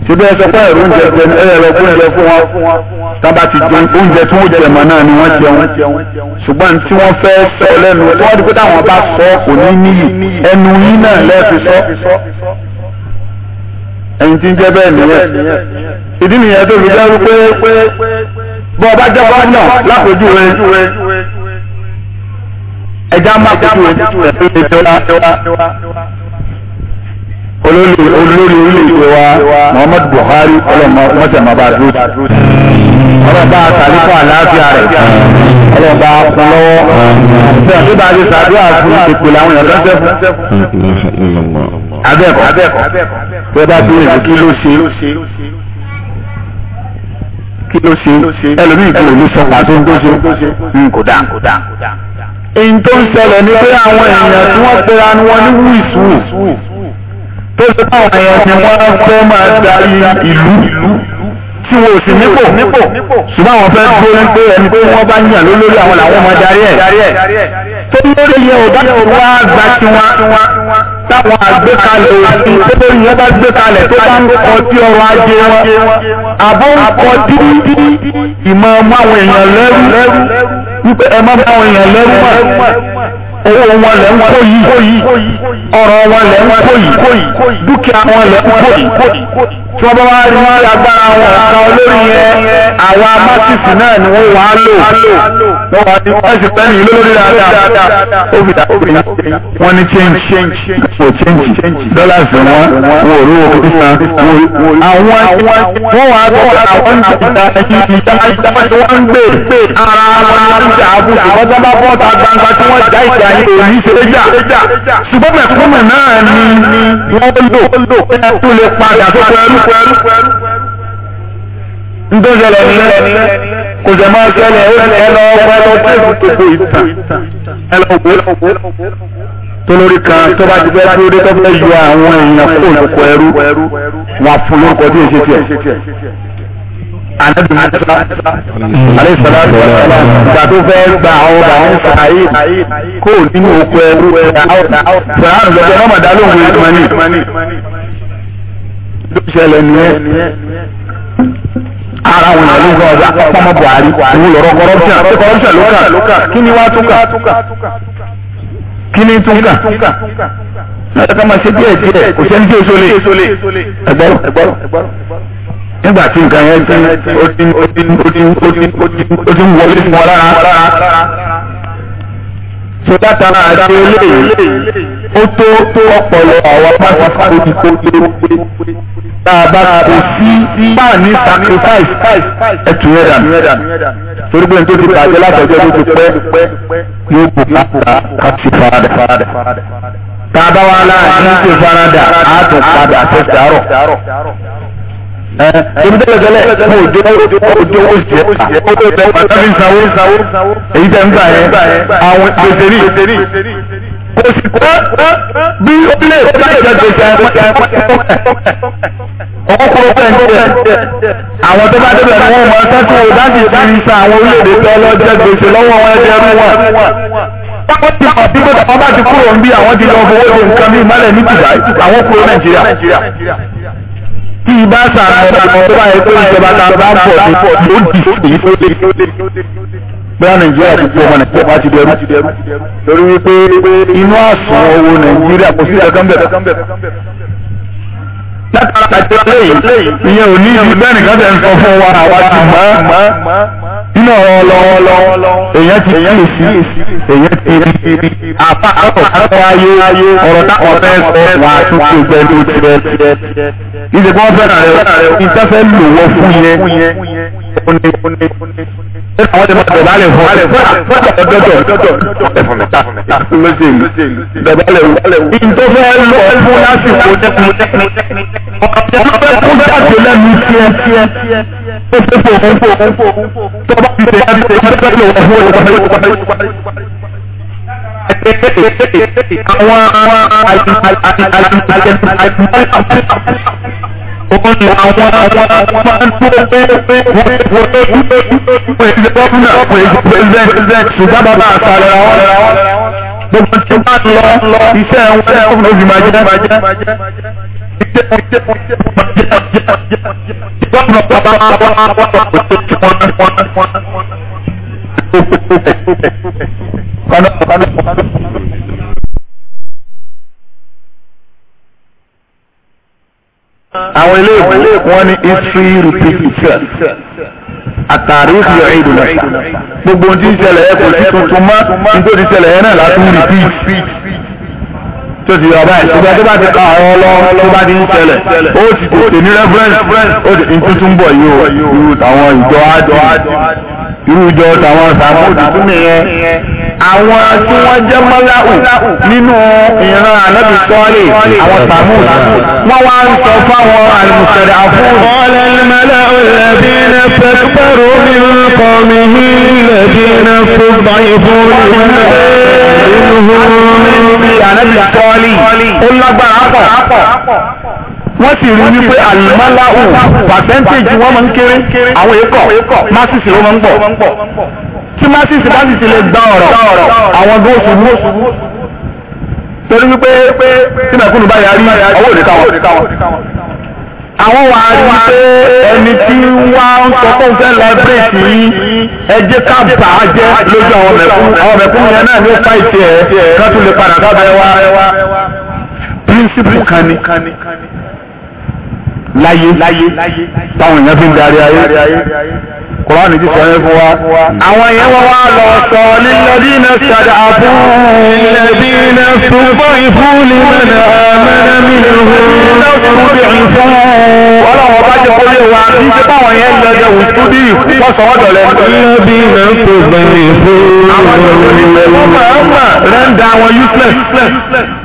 S1: ṣùgbọ́n ẹ sọ pé oúnjẹ jẹ ní ẹ̀rọ fún ẹ̀rọ fún wọn tábà ti jẹ oúnjẹ tí wọ́n jẹ mọ̀ náà ni wọ́n jẹun ṣùgbọ́n tí wọ́n fẹ́ sọ lẹ́nu tí wọ́n ti pé táwọn bá sọ kò níyì ẹnu yín náà lẹ́ẹ̀fi sọ ẹ̀yin tí ń jẹ́ bẹ́ẹ̀ nìyẹn ìdí nìyẹn tó fi dẹ́rú pé bọ́ ọba jẹ́ gómìnà lápòjú rẹ ẹja má kojú rẹ olórí orílẹ̀-èdè wa Muhammadu Buhari ọlọ́mọ mọ́tẹ̀mọ́ bá dúró ọlọ́ba àtàlífọ́ àlàáfíà rẹ̀ ọlọ́ba kún lọ́wọ́ bí àtúbà ti sàdúrà fún ìpìlẹ̀ àwọn èèyàn lọ́sẹ̀ fún. abẹ́ẹ̀kọ́ tí ẹ bá béèrè kí ló ṣe kí ló ṣe ẹlòmíì kò ní sọ pàtó ń tó ṣe hmm, kò dáa èyí tó ń ṣẹlẹ̀ ni pé àwọn èèyàn tí wọ́n pera ni wọ́n ní wíìsù tó ṣe táwọn èèyàn ni wọ́n fẹ́ máa darí ìlú tí wọn ò sì nípò ṣùgbọ́n àwọn fẹ́ dúró wípé ẹni pé wọ́n bá yàn lólórí àwọn làwọn máa darí ẹ̀
S2: tó lórí yẹn ò bá wá gba tiwọn táwọn àgbékalẹ̀ òfin tó lórí
S1: yẹn bá gbékalẹ̀ tó bá ń kọ sí ọrọ̀ ajé wọn àbọ̀ ń kọ dí ìmọ̀ ọmọ àwọn èèyàn lẹ́rú wípé ẹ má bá àwọn èèyàn lẹ́rú mọ́ owó wọn lẹ ń kó yìí ọ̀rọ̀ wọn lẹ ń kó yìí dúkìá wọn lẹ ń kó yìí tí wọ́n bá wá rí agbára wọn ọ̀kan olórí yẹn àwa mátìsì náà ni wọ́n wàá lò wọ́n wàá ní wọ́n sì fẹ́ nìyí lórí dáadáa wọ́n ní change kò change dollars wọn wọn ò rí owó
S2: sísan àwọn
S1: wọ́n wàá tọ́ àwọn ìjọba ìjọba ìjọba tí wọ́n ń gbé ara wọn ń jà àbùkù wọ́n sábà bọ́ ta gbangba tí wọ́n já ìjà ní èyí jà ṣùgbọ́n mẹ̀kúnnù náà ni wọ́n lò tó lè padà tó pẹ̀lú.
S2: ndị
S1: zọrọ nne kan tó bá ti fẹ́ yọ àwọn èèyàn ẹrú ló ṣẹlẹ̀ nìyẹn ara wọn ló Buhari òun lọ́rọ̀ corruption ṣé corruption ló kà kí ni wàá tún kà kí ni tún kà ká máa ṣe díẹ̀ díẹ̀ kò sẹ́ni tí o ẹgbọ́rọ̀ nígbà tí nǹkan tara ó tó ọpọlọ àwọn pásítọ̀ ti kó pé tá a bá kó sí bá ní sacrifice ẹtù rẹ dànù torí pé n tó ti bàjẹ́ látọjọ́ ló ti pẹ́ yóò kó káàkiri káàkiri faradà tá a bá wà láàrin ní ti faradà á tún padà tẹ̀sẹ̀ àárọ̀ tẹ̀mítẹ́lẹ̀tẹ́lẹ̀ mo ò dé ojú owó sí ẹ̀ ó tó tẹ̀ pàtàkì sanwó èyí tẹ̀ ń gbà yẹn àwọn pèsè rí
S2: kò sì kó
S1: bí ó lè bá ìjọ gbèsè ọkọ̀
S2: pẹ̀lú àwọn tó bá débẹ̀ ní wọn mọ sẹ́kù láti ìbáyìí sa àwọn orílẹ̀-èdè tó ọlọ́jẹ́ gbèsè lọ́wọ́ wọn ẹgbẹ́ rú wọn.
S1: Wọ́n ti mọ̀ bí gbọ́dọ̀ wọn bá ti kúrò ń bí àwọn ti lọ fowó ṣe nǹkan ní ìmọ̀lẹ̀ ní Dubai àwọn kúrò Nàìjíríà. Tí ìbá sàrà ẹ̀rọ àwọn tó bá yẹ pé ìjọba ta bá ń bọ̀ ní pọ̀ lódì bóyá nàìjíríà ti pọ̀ ọmọ nàìjíríà ti dẹrú torí wípé inú àsùn owó nàìjíríà kò sí ẹ̀kọ́ bẹ̀rẹ̀. látara àti ọlẹ́yìn ìyẹn ò ní ìdí bẹ́ẹ̀ nìkan tẹ̀ ń sọ fún wa àwa ti mọ̀ ọ́ nínú ọ̀rọ̀ ọlọ́wọ́lọ́ èèyàn ti kíyèsí èèyàn ti rí apá àpapọ̀ ayé ọ̀rọ̀ náà ọ̀rọ̀ ẹ̀sẹ̀ wà á tún kó pẹ̀lú tẹ̀. ìdè kan fẹ́ràn rẹ̀ ìtẹ́fẹ́ lò wọ́n fún yẹn. Nínú àwọn ọdẹ máa dọ̀bálẹ̀ fún ọ̀rẹ́ fún ọ̀dọ́dọ̀ ọ̀dọ́dọ̀ fún mi ta lóṣèlú dọ̀bálẹ̀ wù. Ìjọba ẹ lọ fún lásìkò tẹkùn tẹkùn. Ọ̀pọ̀ ọ̀pọ̀ ẹ̀kú jáde lẹ́nu tiẹ̀ tiẹ̀ ó fẹ́ fò fún fò fún
S2: fò tó bá ti tẹ̀yà ti tẹ̀yà tó lè wọ̀ fún àwọn òun ni àwọn máa ń tó
S1: pé wọlé wọlé pèsè gómìnà pèsè pèsè ṣùgbọ́n bàbá àtàlẹ́ àwọn gbogbo tí wọ́n lọ iṣẹ́ wọn ló fi máa jẹ́
S2: àwọn ilé ìwé wọn ní history repeat itself
S1: àtàrí ìfìyà ìdùnnà gbogbo ohun tí ń ṣẹlẹ̀ ẹ kò sí tuntun mọ́ nítorí ìṣẹ̀lẹ̀ ẹ náà látún repeat tó ti yọ báyìí ìgbà tó bá ti ka ọ̀rọ̀ lọ tó bá ti ń ṣẹlẹ̀ ó ti tètè ní rẹ́fúrẹ́nsì ó ti tuntun bọ̀ yìí o irú tàwọn ìjọ àjọ irú ìjọ tàwọn sàmúdì tún nìyẹn
S2: àwọn tí wọ́n jẹ́
S1: mọ́láhù nínú ìran ànábì sọ́ọ̀lì àwọn sàmúdì wọ́n wá ń sọ fáwọn àlùmùsẹ̀rẹ̀ àfún. ọ̀lẹ́ ìmọ̀lẹ́ òlẹ̀bí ní pẹ̀tùpẹ̀rù mi ń kọ́ mi ní ìlẹ̀bí ní fún báyìí fún ìlú ìyànẹ́bì tọ́ọ̀lì ó lágbára pọ̀ wọ́n sì rí wípé àlùmọ́láhù pàṣẹ́ntéèjì wọ́n máa ń kéré àwọn èèkọ̀ másìsì ló máa ń pọ̀ tí másìsì bá lè gba ọ̀rọ̀ àwọn gan oṣù torí wípé tí mẹ̀kúnnù bá yarí ọwọ́ òdìkáwọn àwọn wà á rí pé ẹni tí wá ń sọ fún fẹ́ láìpẹ́ẹ̀tì yìí ẹ jẹ́ ká bà á jẹ́ lójú àwọn mẹ̀kún àwọn mẹ̀kún yẹn náà ní ó fáìtì ẹ̀ ká tún lè padà dábẹ́ wá píríncípù kan ni láyé táwọn èèyàn fi ń darí ayé. Kùránì ti sọ yẹn fún wa. Àwọn yẹn wọ́n wá lọ sọ nílẹ̀bí iná ṣàdá àbú. Nílẹ̀bí iná túbọ̀ ìfún ní mẹ́rin mẹ́rin mi ló ń bí ìfún. Ọlọ́run bá jẹ́ kó lè wa kí ṣe báwọn yẹn ń yọjọ wùtú bí ìfọ́sọ̀ ọ̀dọ̀ lẹ́nu. Nílẹ̀bí iná túbọ̀ ìfún. Àwọn ìròyìn ìwé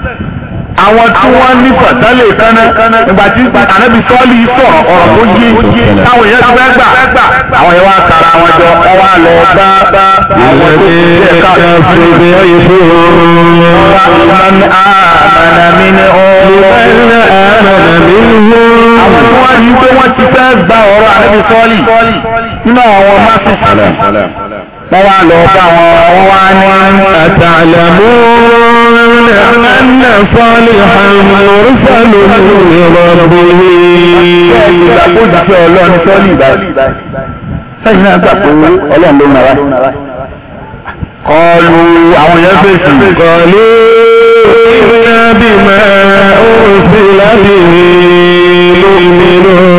S1: àwọn tí wọ́n ní pàtàlẹ̀ kánná ìgbà tí ànábì sọ́ọ́lì sọ̀rọ̀ ọ̀rọ̀ tó yé táwọn èèyàn ti fẹ́ gbà àwọn yẹn wá tara wọn jọ ọwọ́ àlọ́ bá bá àwọn tó yẹ ká ṣubú ìfúró. man amana mini ọ̀rọ̀ man amana mini ọ̀rọ̀. àwọn tí wọ́n rí pé wọ́n ti fẹ́ gba ọ̀rọ̀ ànábì sọ́ọ́lì nínú àwọn máṣíṣì wọ́n wá lọ bá wọn wọ́n wá ní àtàlẹ̀mú ẹ̀nà fọ́lì àmúrú fọ́lì ìrọ̀bù yìí. ìgbàgbọ́ ìdíkẹ́ ọlọ́run fọ́lì ìbáyìí sẹ́yìn kọlu àwọn èèyàn kọlu ìrìnàbí máa ń sí láti rí lómi lómi.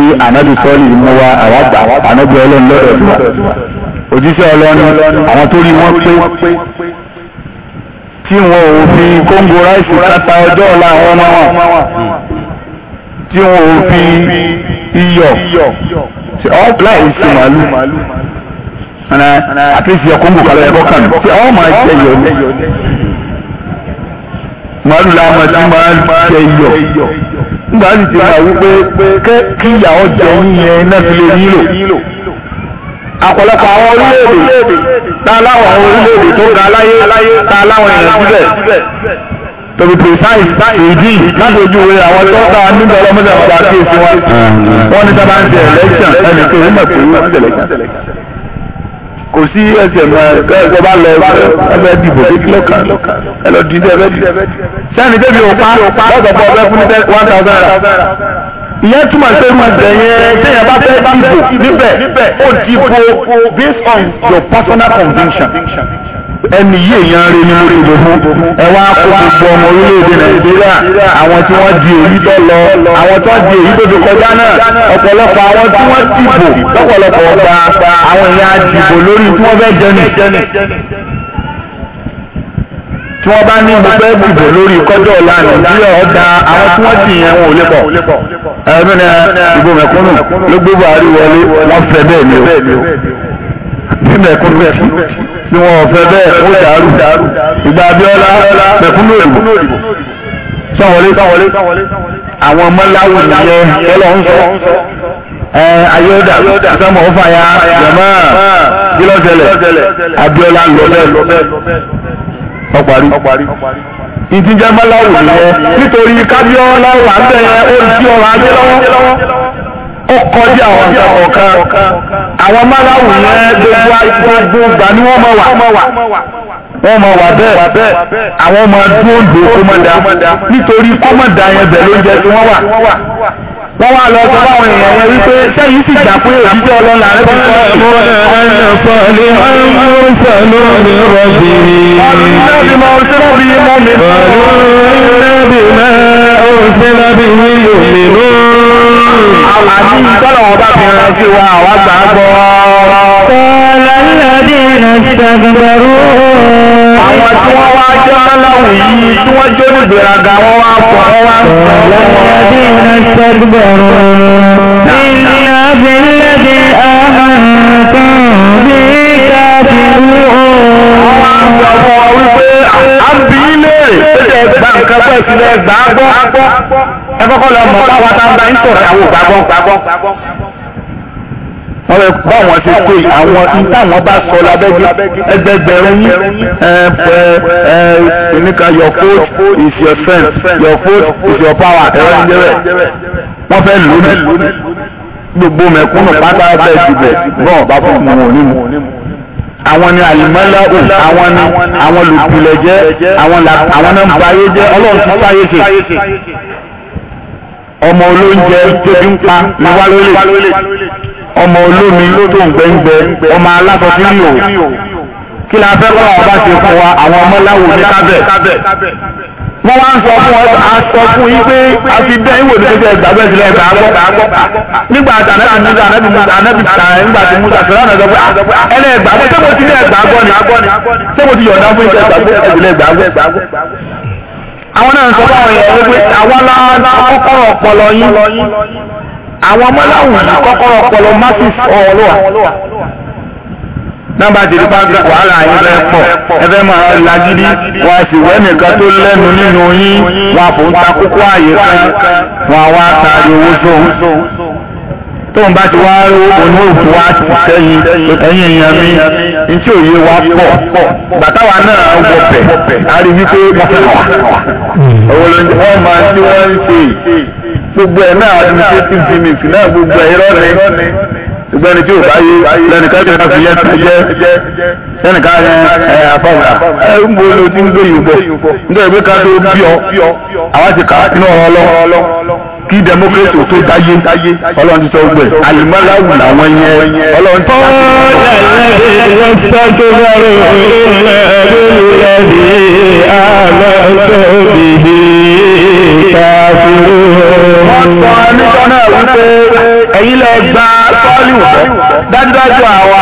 S1: tí ànábì sọ́ọ̀lì mú wa àwàgbà ànábì ọlọ́run lọ́dọ̀ tiwa
S2: òjíṣẹ́ ọlọ́run àwọn tó rí wọ́n pé
S1: tí wọn ò fi kóńgò ráìsì kata ọjọ́ ọ̀la àwọn ọmọ wọn tí wọn ò fi iyọ̀ láì sí màálù àti ìsìyẹ kóńgò kalẹ̀ ẹ̀kọ́ kan tí àwọn máa jẹ iyọ̀ ni màálù làwọn ti máa jẹ iyọ̀ gbàánì ti máa wípé kí ìyàwó jẹ yíyẹn náà fi lè nílò àpọ̀lọpọ̀ àwọn orílẹ̀-èdè tá láwọn àwọn orílẹ̀-èdè tó ga aláyé tá láwọn èèyàn síbẹ̀ tòbí pèsáì èdè láti ojú wẹ àwọn tó ta nígbà ọlọ́mọdé àwọn àti èsì wa
S2: wọ́n ní sábà ń ṣe ẹ̀lẹ́kṣàn ẹnì kejì mọ̀ pé wọ́n ń ṣe ẹ̀lẹ́kṣàn
S1: kò sí ẹsẹ̀ mọ́ ẹ bá lọ ẹ bẹ dìbò kékeré kan ẹ lọ dìbò ẹ bẹ dìbò. sẹ́ni débi òpá lọ́sọ̀ pọ̀ ọ̀bẹ fún one thousand naira.
S2: ìyẹn túmọ̀ sí ẹ̀rù ẹ̀jẹ̀ yẹn téèyàn bá fẹ́ dìbò níbẹ̀ ó dìbò
S1: based on your personal conviction ẹni yí èèyàn rẹ ni mo dìbò fún ẹ wá kó gbogbo ọmọ orílẹ̀-èdè nàìjíríà àwọn tí wọ́n di èyí tó lọ àwọn tó di èyí tó fi kọjá náà ọ̀pọ̀lọpọ̀ àwọn tí wọ́n dìbò lọ́pọ̀lọpọ̀ ọgbà àwọn èèyàn dìbò lórí tí wọ́n fẹ́ jẹni tí wọ́n bá ní gbogbo ẹ̀ dìbò lórí kọjọ́ ọ̀la nàìjíríà ọ̀dà àwọn tí wọ́n dì yẹn wọn ò lè pọ̀ ẹ̀rọ ní ìbò mẹ̀kúnnù ló gbé buhari wọlé wọ́n fẹ́ bẹ́ẹ̀ ni o bí mẹ̀kúnnù ni wọn ò fẹ́ bẹ́ẹ̀ ó dàrú ìgbà Abíọ́lá pẹ̀kúnú òdìbò sọ̀wọ́lé àwọn mọ́láwù nìyẹn tọ́lọ̀ ń sọ ẹ ya jẹ̀mọ́ kílọ̀sẹ̀lẹ̀ Abíọ́lá ọparí nìyẹn nítorí wà ó kọjá àwọn nǹkan kọ̀ọ̀kan àwọn máláwù yẹn gbogbo gbogbo ni wọ́n mọ̀ wà
S2: wọ́n
S1: mọ̀ wà bẹ́ẹ̀ àwọn ọmọ dúndùn kọ́mọ̀dá nítorí kọ́mọ̀dá yẹn bẹ̀ ló ń jẹ́ tí wọ́n wà wọ́n wá lọ sọ fáwọn èèyàn yẹn wípé sẹ́yìn sì gbà pé òjíṣẹ́ ọlọ́lá rẹ̀ ti kọ́ ẹ̀kọ́ ẹ̀fọ́ ní ọ̀rọ̀ lórí rọ̀bì. ọ̀rọ̀ mọ̀ sílẹ̀bì mọ̀ mi. ọ̀rọ̀ sílẹ̀bì mọ̀ mi yóò mi lórí àti ìtọ́lọ̀ ọba fi rán sí wa àwa gbà á gbọ́. Kọ́lá lọ́dí ìrìnàṣẹ́gbẹ̀rú. Àwọn tí wọ́n wá jẹ́ aláwọ̀ yìí tí wọ́n jó ní ìgbéraga wọ́n wá pọ̀ wọ́n wá. Kọ́lá lọ́dí ìrìnàṣẹ́gbẹ̀rú. Nínú abilẹ́dí àmàntàn bí káfíńú. Àwọn àgbà wọ̀ wípé àbí ilé rẹ̀ gbà nǹkan sílẹ̀ gbà gbọ́ ẹ kọ́kọ́ lọ mọ̀ báwa tá a bá ń sọ̀rọ̀ àwọn gbàgbọ́ gbàgbọ́. wọ́n bẹ bá wọn ṣe pé àwọn ìtàwọn bá sọ lábẹ́gí ẹgbẹgbẹ̀rún yín ẹ̀ẹ́dẹ́gbẹ̀rún your food is your strength your food is your power ẹ̀rọ ń wọ́n fẹ́ lónìí gbogbo mẹ̀kúnnù pátá bẹ́ẹ̀ jùlẹ̀ náà bá fún mi wọn nímú àwọn ni alimọ́lá ò àwọn ni àwọn lùpìlẹ̀ jẹ́ àwọn náà ń ba jẹ́ ọlọ́run ti sáyé ṣe. ọmọ olóúnjẹ tóbi ń pa ni lólè ọmọ olómi tó ń gbẹ́ngbẹ́ ọmọ alábọ̀dínlò kí la fẹ́ kọ́ ọba ṣe fún wa àwọn ọmọláwo ní kábẹ̀ wọ́n wá ń sọ fún ọ sọ fún yín pé a ti ìwò ní nígbà nígbà tí musa sọ̀rọ̀ ìgbàgbọ́ àwọn náà sọ fáwọn ya wípé àwọn aláàdá kọ́kọ́rọ́ yín àwọn ọmọláwù ọpọlọ masis ọlọ́wà nọ́mbà tìrí pàǹtí wàhálà yín fẹ́ pọ̀ ẹfẹ́ máa lagídí wọn sì wẹ́nìkan tó lẹ́nu nínú yín fò ń ta kókó àyè kan wá owó sóhun. tóun bá ti wá oní òkú wá sẹ́yìn ẹ̀yìn èèyàn mi ntí wa pọ̀ bàtàwà náà wọ bẹ̀ a rí wípé wọ́n fẹ́ wà. wọn máa ń tí wọ́n ń ṣe gbogbo ẹ̀ náà náà gbogbo ẹ̀ irọ́ ni ṣùgbọ́n ẹni tí ò bá yé fi ti jẹ́ àfọwọ́ra ń bo ń gbé yìí bọ̀ ọ ti kà á sínú kí democracy ò tó dáyé ọlọ́run ti sọ gbẹ alimọ́láwù làwọn yẹn ọlọ́run ti sọ gbẹ. ọ̀làlẹ́ ìlọsọ́gbọ́rọ̀ ìlànà lórí àlọ́sọ̀bìbì káfíńrò. wọ́n sọ níjọ́ náà wípé ẹ̀yin lọ gba sọ́ọ̀lì wọ̀ dájúdájú àwa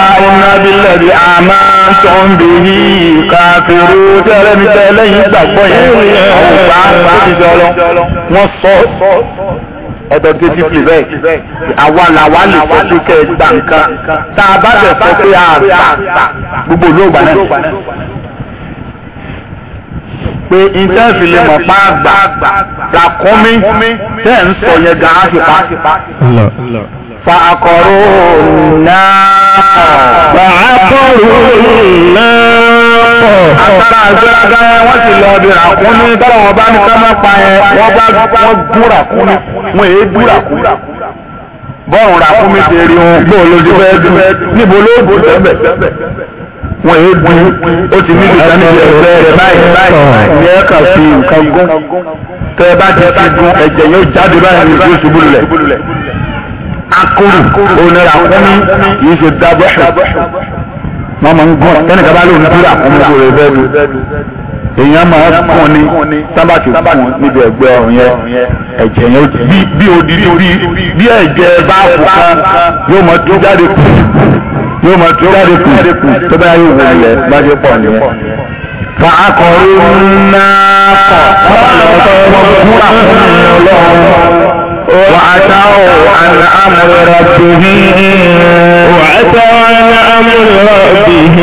S1: ìnàbílẹ̀ bíi àmà tó ń bè ní kàfèrò tẹ́lẹ̀ ní tẹ́lẹ̀ yìí gbàgbọ́ yẹn àwọn gbà bá ti jọ lọ wọ́n sọ ẹ̀dọ̀ tó ti fi bẹ́ẹ̀ àwa làwa lè sọ pé kẹ́ ẹ gbà nǹkan tá a bá bẹ̀ sọ pé a gbà gbogbo olóògbà náà pé iṣẹ́ ìfìlẹ̀ mọ̀ pa àgbà làkúnmí tẹ́ ń sọ yẹn gan-an ṣùpá. فعقروا النار فعقروا النار Agbára wọ́n ti lọ bí ràkúnmí tọ́lọ̀ wọn bá máa pa wọ́n bá wọ́n èé bú ràkúnmí. Bọ́ọ̀rùn ràkúnmí ti rí wọn bẹ́ẹ̀ níbo ló ní ẹ̀ka fi akóró onira kúmi yìí ṣe dábẹ́sẹ̀ wọ́n máa ń gùn kẹ́ni kaba ló ń dúró àkúnmọ́ rẹ̀ bẹ́ẹ̀ lu èèyàn máa ń kún ni sábàkì kún níbi ẹ̀gbẹ́ ọ̀run yẹn ẹ̀jẹ̀ yẹn bí odidi bí bí ẹ̀jẹ̀ bá kú kan yóò máa tó jáde kù yóò máa tó jáde kù tó bá yóò wò yẹ bá ṣe pọ̀ nìyẹn. fa akọrin náà kọ̀ ọ́ bá lọ́ọ́ tó ń kúrà fún mi lọ́wọ́. وعتوا عن أمر ربهم وعتوا عن أمر ربهم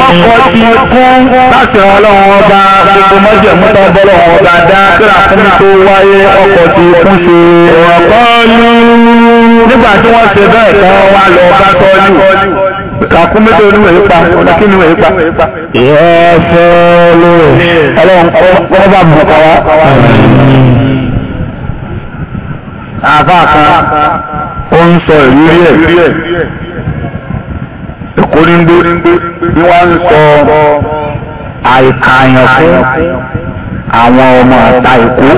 S1: وقتلكم láti ọlọ́run ọba gbogbo mọ́jẹ̀ mọ́ta bọ́lọ́run ọba dá síra fún tó wáyé ọkọ̀ tí kún ṣe ọ̀pọ̀lú nígbà tí wọ́n ṣe bẹ́ẹ̀ tán wá lọ bá tọ́lù kàkún mẹ́ta onímọ̀ ipa oníkíni mọ̀ ipa. ìyá ẹ̀fẹ́ lóore ọlọ́run kọ́ bá mọ̀ ká wá àbá kan ó ń sọ ìrírí ẹ̀ èkó ní gbé ní wá ń sọ àìkàyàn fún àwọn ọmọ àta èkó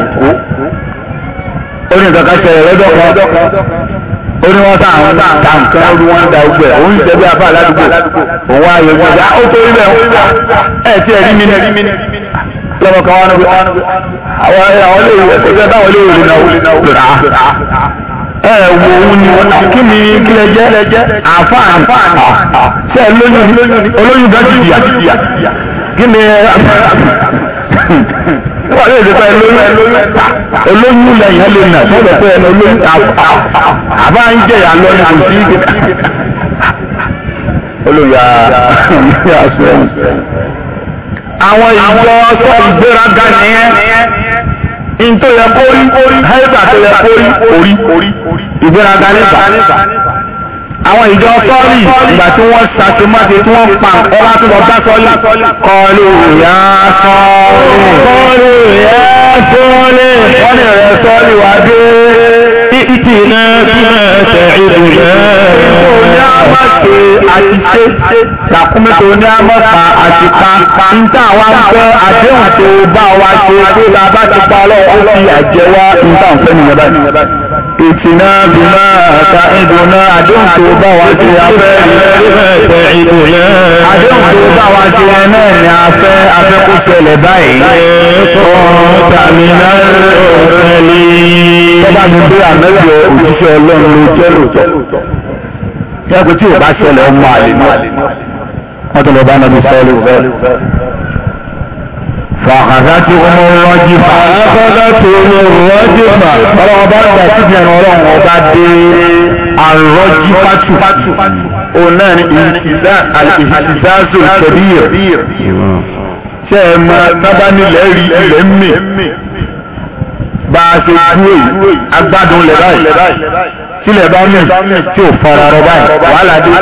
S1: ó ní nǹkan kan ṣẹlẹ̀ lọ́dọ̀ kan ó ní wọ́n sá àwọn ta nǹkan ó ní wọ́n ń da ogbẹ́ òun ń jẹ́ bí abá aládùúgbò òun wá yẹ gbọ́dọ̀ ó tó rí bẹ́ẹ̀
S2: ẹ̀ tí ẹ̀ rí mi ní
S1: lọ́wọ́ kan wọ́n ah, àwọn àwọn ilé ìwé ẹ̀kọ́ jẹ́ táwọn ilé ìwé náà ah, ẹ wo òun ni kí ni kí lẹ jẹ́ àfáàn ah, ṣe lóyún olóyún gan jìyà kí ni wọ́n lè dẹ́pẹ́ olóyún olóyún lẹ́yìn ẹ lè nà sí ìdẹ́pẹ́ olóyún àbá ń jẹ̀yà lọ́yún àti ìgbẹ́ olóyún àṣẹ àwọn ìwọ ọsọ ìgbéraga nìyẹn ntọ́ yẹ kórí hẹ́ẹ̀bà tó yẹ kórí orí ìgbéraga nípa àwọn ìjọ sọ́ọ̀lì ìgbà tí wọ́n ṣàtúmọ̀tì tí wọ́n pa ọlá tó lọ bá sọ́ọ̀lì kọlu ìyá sọ́ọ̀lì. kọlu ìyá sọ́ọ̀lì. wọ́n ní rẹ̀ sọ́ọ̀lì wá dé. ìtì náà bí wọ́n ṣe ìdùnnú má ṣe àtiṣe ràkúnmẹ́tò ní àmọ́ta àtìpa níta wa ń fẹ́ àdéhùn tó bá wa ṣe pé la bá ti pa ọlọ́run ó fi àjẹ wá níta òfin nìyẹn báyìí. ìtìná bímọ àta ìdùnnà àdéhùn tó bá wa ṣe afẹ́ àdéhùn tó bá wa ṣe náà ni a fẹ́ afẹ́kó ṣẹlẹ̀ báyìí. ọ̀tàmínà ọ̀tẹ̀lì. tọ́ba mi bí àmẹ́lẹ̀ òṣìṣẹ́ ọlọ́run ló jẹ́ lóòótọ́ kẹ́kọ̀ọ́ tí ò bá ṣẹlẹ̀ ọmọ àlè ní wọ́n tó lọ bá nàbí sọ́ọ́lù bẹ́ẹ̀. Fàkàtàtì ọmọ rọ́jì fà. Fàkàtàtì ọmọ rọ́jì fà. Ọlọ́run ọba ń gbà tí ìrìn ọlọ́run ọba dé àrọ́jì pátù. Òun náà ni ìdáàzò kẹ̀bíyẹ̀. Ṣé ẹ mọ tábà nílẹ̀ rí ilẹ̀ mì? Bá a ṣe dúró yìí, agbádùn lẹ̀ tilẹ̀ bá mì tí ò fara rọ báyìí wàhálà dé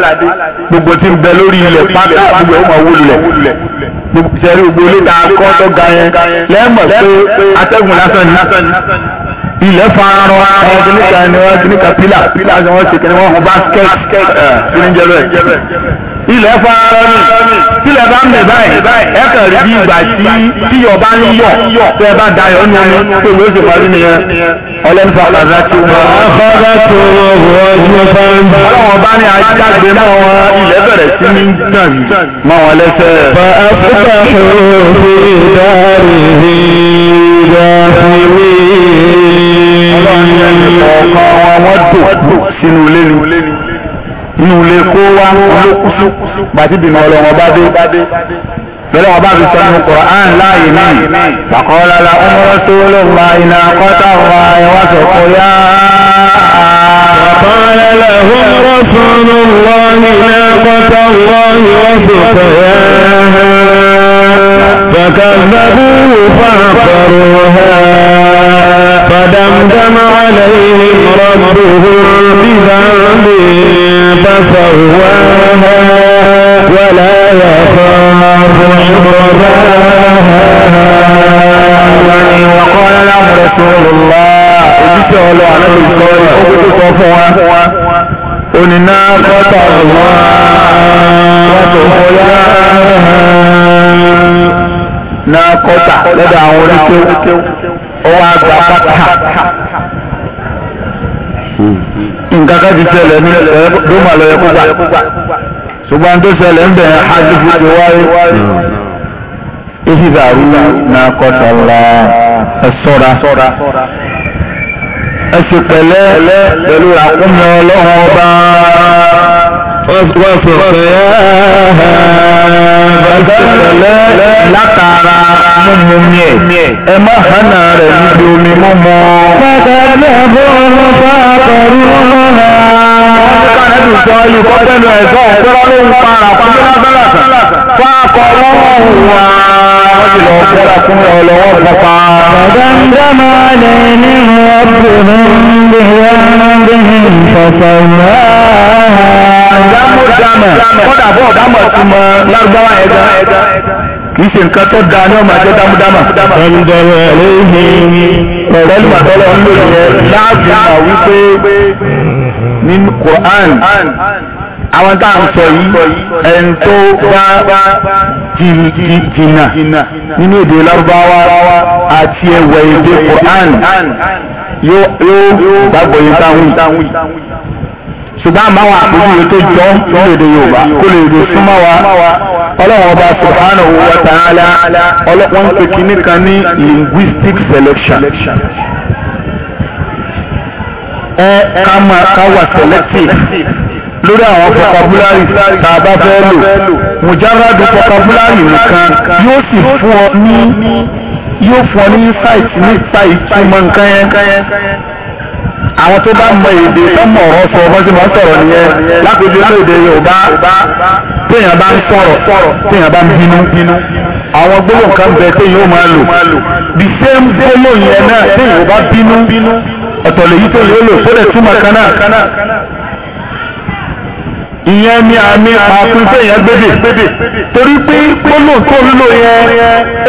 S1: gbogbo tí ń bẹ lórí ilẹ̀ pátá gbogbo ẹ̀ ó máa wó lulẹ̀ sẹ́rí gbogbo olóògbé akọ́ tó ga pé atẹ́gùn lásán ni ilẹ̀ fara rọ àwọn kìnnìkan ni wọ́n kìnnìkan pílà pílà ni wọ́n ṣe kìnnìkan wọn báskẹ́t kìnnìjẹ́rẹ́ eh, ilẹ̀ fara ni tílẹ̀ bá ń bẹ̀ báyìí ẹ kàn rí bí ìgbà tí tíyọ̀ bá ń yọ̀ tẹ́ bá dayọ̀ ní omi tó ìwé òsè parí nìyẹn ọlẹ́nu fàlà rẹ̀ ti wọ́n. afọ́dá tó wọ́n fẹ́ ń bá. ọlọ́wọ́n bá ní ajáde mọ́ wọn ilẹ̀ bẹ̀rẹ̀ sí ní tàn mọ́ wọn lẹ́sẹ̀. fa afọ́dá tó fi mọ́tò sínú ilé ni inú ilé kó wá olókùsù gbàtí bìnnà ọlọ́wọ́n bá dé bẹ́ẹ̀ wọ́n fi sọ nínú Qur'an láàyè míì fàkọ́lá la ọmọ sólò máa iná kọ́tà wà ẹ̀wá sọ̀kọ́ yá. fàkọ́lá la ọmọ sólò máa. nǹkan ká ti ṣẹlẹ̀ ní dómà lọ yẹ púpà ṣùgbọ́n tó ṣẹlẹ̀ ń bẹ̀rẹ̀ hajjifu ti wáyé isi dàrú na kọtàlá ẹ̀ṣọ́ra ẹ̀ṣẹ̀ pẹ̀lú àkúnmọ́ ọlọ́run ọba. وفقها látara mímu ní ẹ̀ ẹ má hánà rẹ̀ níbi omi mímu. Fẹ́tẹ̀lẹ́ bọ́ọ̀lù fàtọ̀rù ọ̀la. Wọ́n ti ká nẹ́bí sọ ikọ́ tẹ́lu ẹ̀sọ́ òkúrọ́ ló ń para kúndé lábẹ́làsà. Fáàkọ̀ lọ́wọ́ wa. Wọ́n ti lọ fẹ́ra kún lọ lọ́wọ́ pápá. Dàdámdàmà lè ní ọ̀bùnú bí wọ́n ń bí fọ̀fọ̀ náà dámúdámà kọ́dà bọ́ ọ̀dámọ̀ ti mọ lárúbáwá ẹ̀dá kìí ṣe nǹkan tó dáa ní ọmọ àjọ dámúdámà. ọ̀dọ̀rọ̀ ẹ̀lẹ́yìn pẹ̀lú àtọ́lọ́ ń lò yẹ láàbù mà wípé nínú Quran àwọn tá à ń sọ yìí ẹni tó bá jìnnà nínú èdè lárúbáwá àti ẹwẹ̀ èdè Quran yóò gbàgbọ́ yìí táwọn yìí ṣùgbọ́n àmáwọn àpòjúwe tó jọ lóde Yorùbá kó lè dò súnmọ́ wa ọlọ́run ọba subhanahu wa ta'ala ọlọ́pàá ń pè kíní kan ní linguistic selection ẹ ká máa ká wà selective lórí àwọn vocabulary tá a bá fẹ́ lò mùjáràdù vocabulary nìkan yóò sì fún ọ ní yóò fún ọ ní insight nípa ìtumọ̀ nǹkan yẹn. àwọn tó bá mọ èdè tó mọ ọ̀rọ̀ sọ ọmọ tí wọ́n sọ̀rọ̀ nìyẹn lápẹjọ léde Yorùbá téèyàn bá ń sọ̀rọ̀ téèyàn bá ń bínú àwọn gbólóhùn kan bẹ téèyàn ó máa lò the same gbólóhùn yẹn náà téèyàn ó bá bínú ọ̀tọ̀ lèyí tó lè lò kó túmọ̀ kan náà. ìyẹn ni àmì àpín yẹn gbèdè torí pé gbólóhùn tó yẹn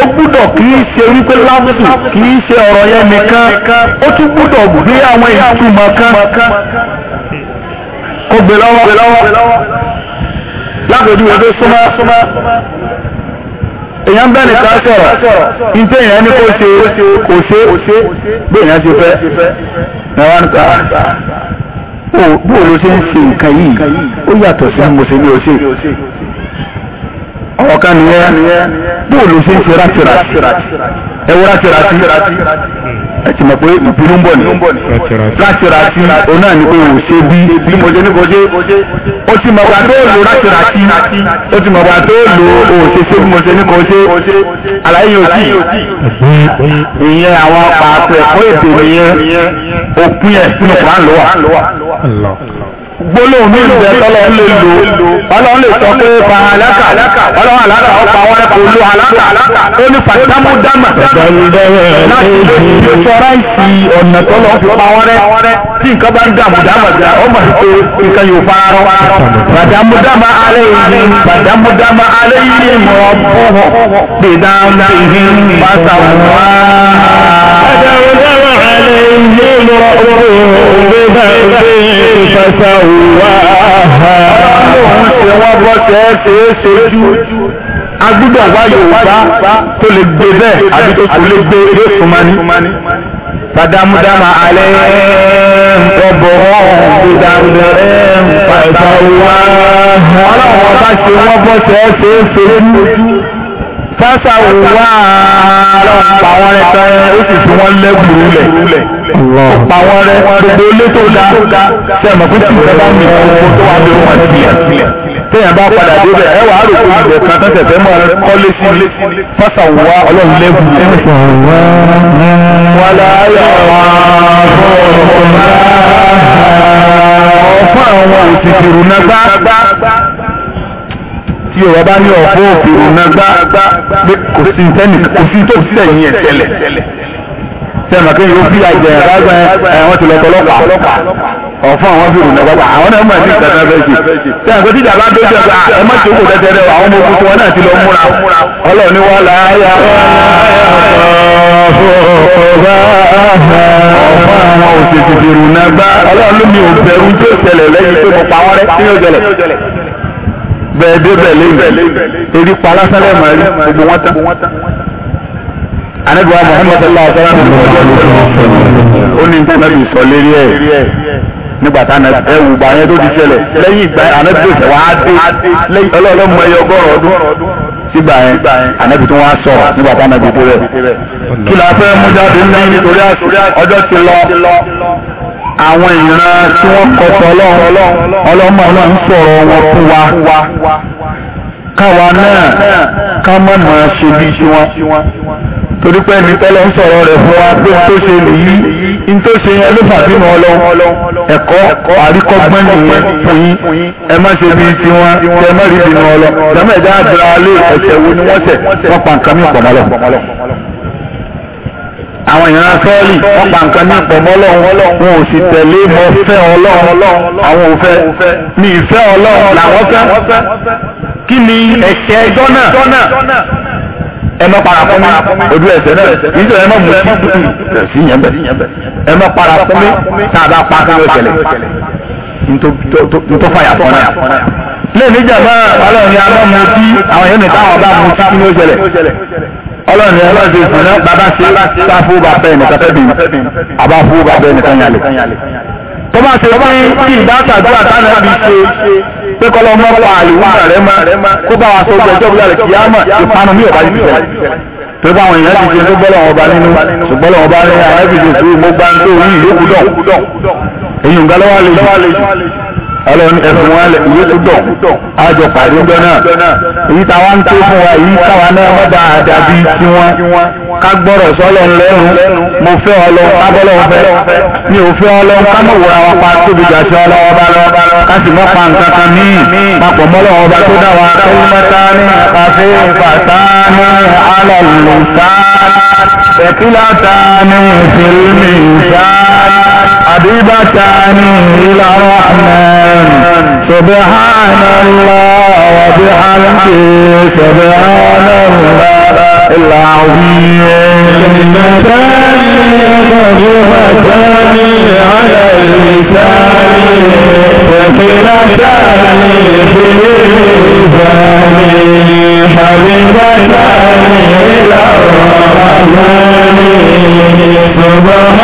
S1: ó gbúdọ̀ kì í ṣe wípé lábùsù kì í ṣe ọ̀rọ̀ yẹn nìkan ó tún gbúdọ̀ gbé àwọn ìtumọ̀ kan kó gbé lọ́wọ́ súnmọ́ èyàn bẹ́ẹ̀ nìkan sọ̀rọ̀ ṣe kò bóò ló ṣe ń ṣe nǹkan yìí ó yàtọ̀ sí mo ṣe ní o ṣe
S2: ọ̀kan nìyẹn
S1: bóò ló ṣe ń ṣe rátìrátì ẹ̀wọ́ rátìrátì ẹ̀sìn mọ̀ pé ìbínú ń bọ̀ ní. rátìrátì òun náà ní pé ò ṣe bí níbojé níbojé ó ti mọ̀ gbà tó lò rátìrátì ó ti mọ̀ gbà tó lò ò ṣe ṣe bí mo ṣe ní kò ṣe àlàyé yóò tì ìyẹn àwọn pàápàá ẹ̀kọ́ èdè nìyẹn òpin ẹ̀ gbólóhùn ní ìbẹ̀ tọ́lọ̀ ń lè lò ọlọ́run lè sọ pé fa aláka ọlọ́run aláka ọ̀pá wọn kò lo aláka ó ní fàtàmù dámà láti lè fi sọ́ráìsì ọ̀nà tọ́lọ̀ fi pa wọn rẹ tí nǹkan bá ń dààmú dámà jà ó mà sí pé nǹkan yóò fara rọ fàtàmù dámà alẹ́ yìí fàtàmù dámà alẹ́ yìí mọ̀ ọ́ bọ̀ gbèdá náà ìhìn pátá wọn agbúgbà wá yorùbá tó lè gbé bẹ́ẹ̀ àbí tó kò lè gbé ilé fúnmani fàdámúdámà alẹ́ ọ̀bọ̀ ọ̀bùdàmùdàrẹ́ fàìfà wá. ọlọ́run ọba ṣe wọ́n bọ́ sẹ́ẹ́ ṣe é ṣe é ṣojú fásá wà pa wọn rẹ tán ó sì fi wọn lẹ́gbùrú lẹ̀ pa wọn rẹ gbogbo ilé tó ga sẹ́mi kó sì fẹ́ bá mi kó tó wà lé wọn sílẹ̀ téèyàn bá padà débẹ̀ ẹ wàá rò pé ìbẹ̀ kan tẹ̀sẹ̀ fẹ́ mọ́ ẹ kọ́lé sí i fásá wà ọlọ́run lẹ́gbùrú lẹ̀. wàlá yà wà fún àwọn òṣìṣẹ́ ìrùnà gbá tí ọ̀rọ̀ bá ní ọ̀pọ̀ òfin ìnagbá pé kò sí tẹ́nì kò sí tó sí ẹ̀yìn ẹ̀ tẹ́lẹ̀ sẹ́mi kí yóò fi àjẹ ẹ̀rágbẹ́ ẹ̀wọ̀n ti lọ́pọ̀ ọlọ́pàá ọ̀fún àwọn fi rùnà pápá àwọn náà mọ̀ ní ìtàn abẹ́ sí sẹ́mi kí tíjà bá dójú ẹ̀ka ẹ̀ má tó kò tẹ́tẹ́rẹ́ àwọn ọmọ ogun tiwọn náà ti lọ múra ọlọ́ọ̀ni wà láyà ọ̀fún àwọn òṣèṣì rùnà gbá ọlọ́ọ̀lùmí ò bẹ̀rù tó ṣẹlẹ̀ lẹ́yìn tó mọ̀ pa wọ́n rẹ́ bẹ́ẹ̀ débẹ̀ lẹ́yìn ebi para sálẹ̀ mọ̀ ẹ́rí gbogbo wọn tán. anabiwa muhammad sallallahu alaihi wa sallam ó ní nǹkan bí sọ lérí ẹ̀ nígbà tá ẹ wù gbà yẹn tó ti ṣẹlẹ̀ lẹ́yìn ìgbà anabi tó wá dé lẹ́yìn ọlọ́ọ̀lọ́mọ ẹyọ ọgọ́rùn ọdún sígbà yẹn anabi tó wá sọ̀rọ̀ nígbà tá anabi tó rẹ̀ kí la fẹ́ mú jáde ní nítorí ọjọ́ ti lọ àwọn ìran tí wọ́n kọtọ ọlọ́run ọlọ́mọ náà ń sọ̀rọ̀ wọn fún wa káwa náà ká má máa ṣe bí tiwọn torí pé ẹni tọ́lọ́ ń sọ̀rọ̀ rẹ̀ fún wa pé tó ṣe nìyí in tó ṣe yẹn ló fàbínú ọlọ ẹ̀kọ́ àríkọ́gbọ́n nìyẹn fún yín ẹ má ṣe bíi tiwọn ẹ má rí bínú ọlọ jàmọ́ ẹ̀dá ẹ̀ṣẹ̀ wo ni wọ́n ṣẹ̀ wọ́n pa nǹkan mí pọ̀ mọ́lọ̀ àwọn ìran sọ́ọ̀lì wọ́n pa nǹkan ní ìpọ̀mọ́ ọlọ́run wọn ò sì tẹ̀lé mọ fẹ́ ọlọ́run àwọn ò fẹ́ ní ìfẹ́ ọlọ́run làwọn fẹ́ kí ni ẹ̀ṣẹ̀ ẹjọ́ náà ẹmọ para fún mi ojú ẹsẹ̀ náà kì í sọ ẹmọ mú sí sí yẹn bẹ ẹmọ para fún mi tàbá pa kí ló ṣẹlẹ̀ ntọ́ fàyà fún náà lẹ́ẹ̀mí jàmbá ọlọ́run ni a mọ̀ sí àwọn yẹn nìkan àwọn mú sí kí ló ṣẹlẹ̀ ọlọ́run ọlọ́run ti sùn náà bàbá ṣe bá fún bàbá ẹnìkan fẹ́ bì àbá fún bàbá ẹnìkan yàlẹ̀. tó bá ṣe pé kí ìdáta àdúrà táwọn ẹbí ṣe pé kọ́lọ́ mọ́ pa àlùwà rẹ̀ mọ́ kó bá wa sọ́jọ́ ẹjọ́ bí alẹ́ kìámà ìpanu ní ọ̀bá yìí bẹ̀rẹ̀. tó bá àwọn èèyàn ti ṣe gbọ́dọ̀ ọba nínú ṣùgbọ́n ọba ní àwọn ẹbí ṣe fún gbogbo àǹtó yìí yókù dọ̀
S2: ọlọ́run ẹ̀sùn wọn lẹ̀ iye tó
S1: dọ̀ àjọ pàdé ńjọ náà èyí táwa ń tó fún wa èyí táwa náà wọ́n bá àdàbí tiwọn ká gbọ́rọ̀ sọ́lọ̀ ńlẹ́rùn mo fẹ́ ọlọ́run kábọ́lọ́ fẹ́ mi ò fẹ́ ọlọ́run ká mọ̀ wòra wa pa tóbi jà sí ọlọ́wọ́ bá lọ ká sì mọ́ pa nǹkan kan míì papọ̀ mọ́lọ́ ọba tó dá wa tó mẹ́ta ní àfẹ́ ìfàtà ní alàlùsá ẹ̀kílàtà ní ìfìlmì ìsáà حبيبتان إلى الرحمن سبحان الله وبحمده سبحان الله العظيم كلمتان خفيفتان على اللسان ثقيلتان في الميزان حبيبتان
S2: إلى الرحمن سبحان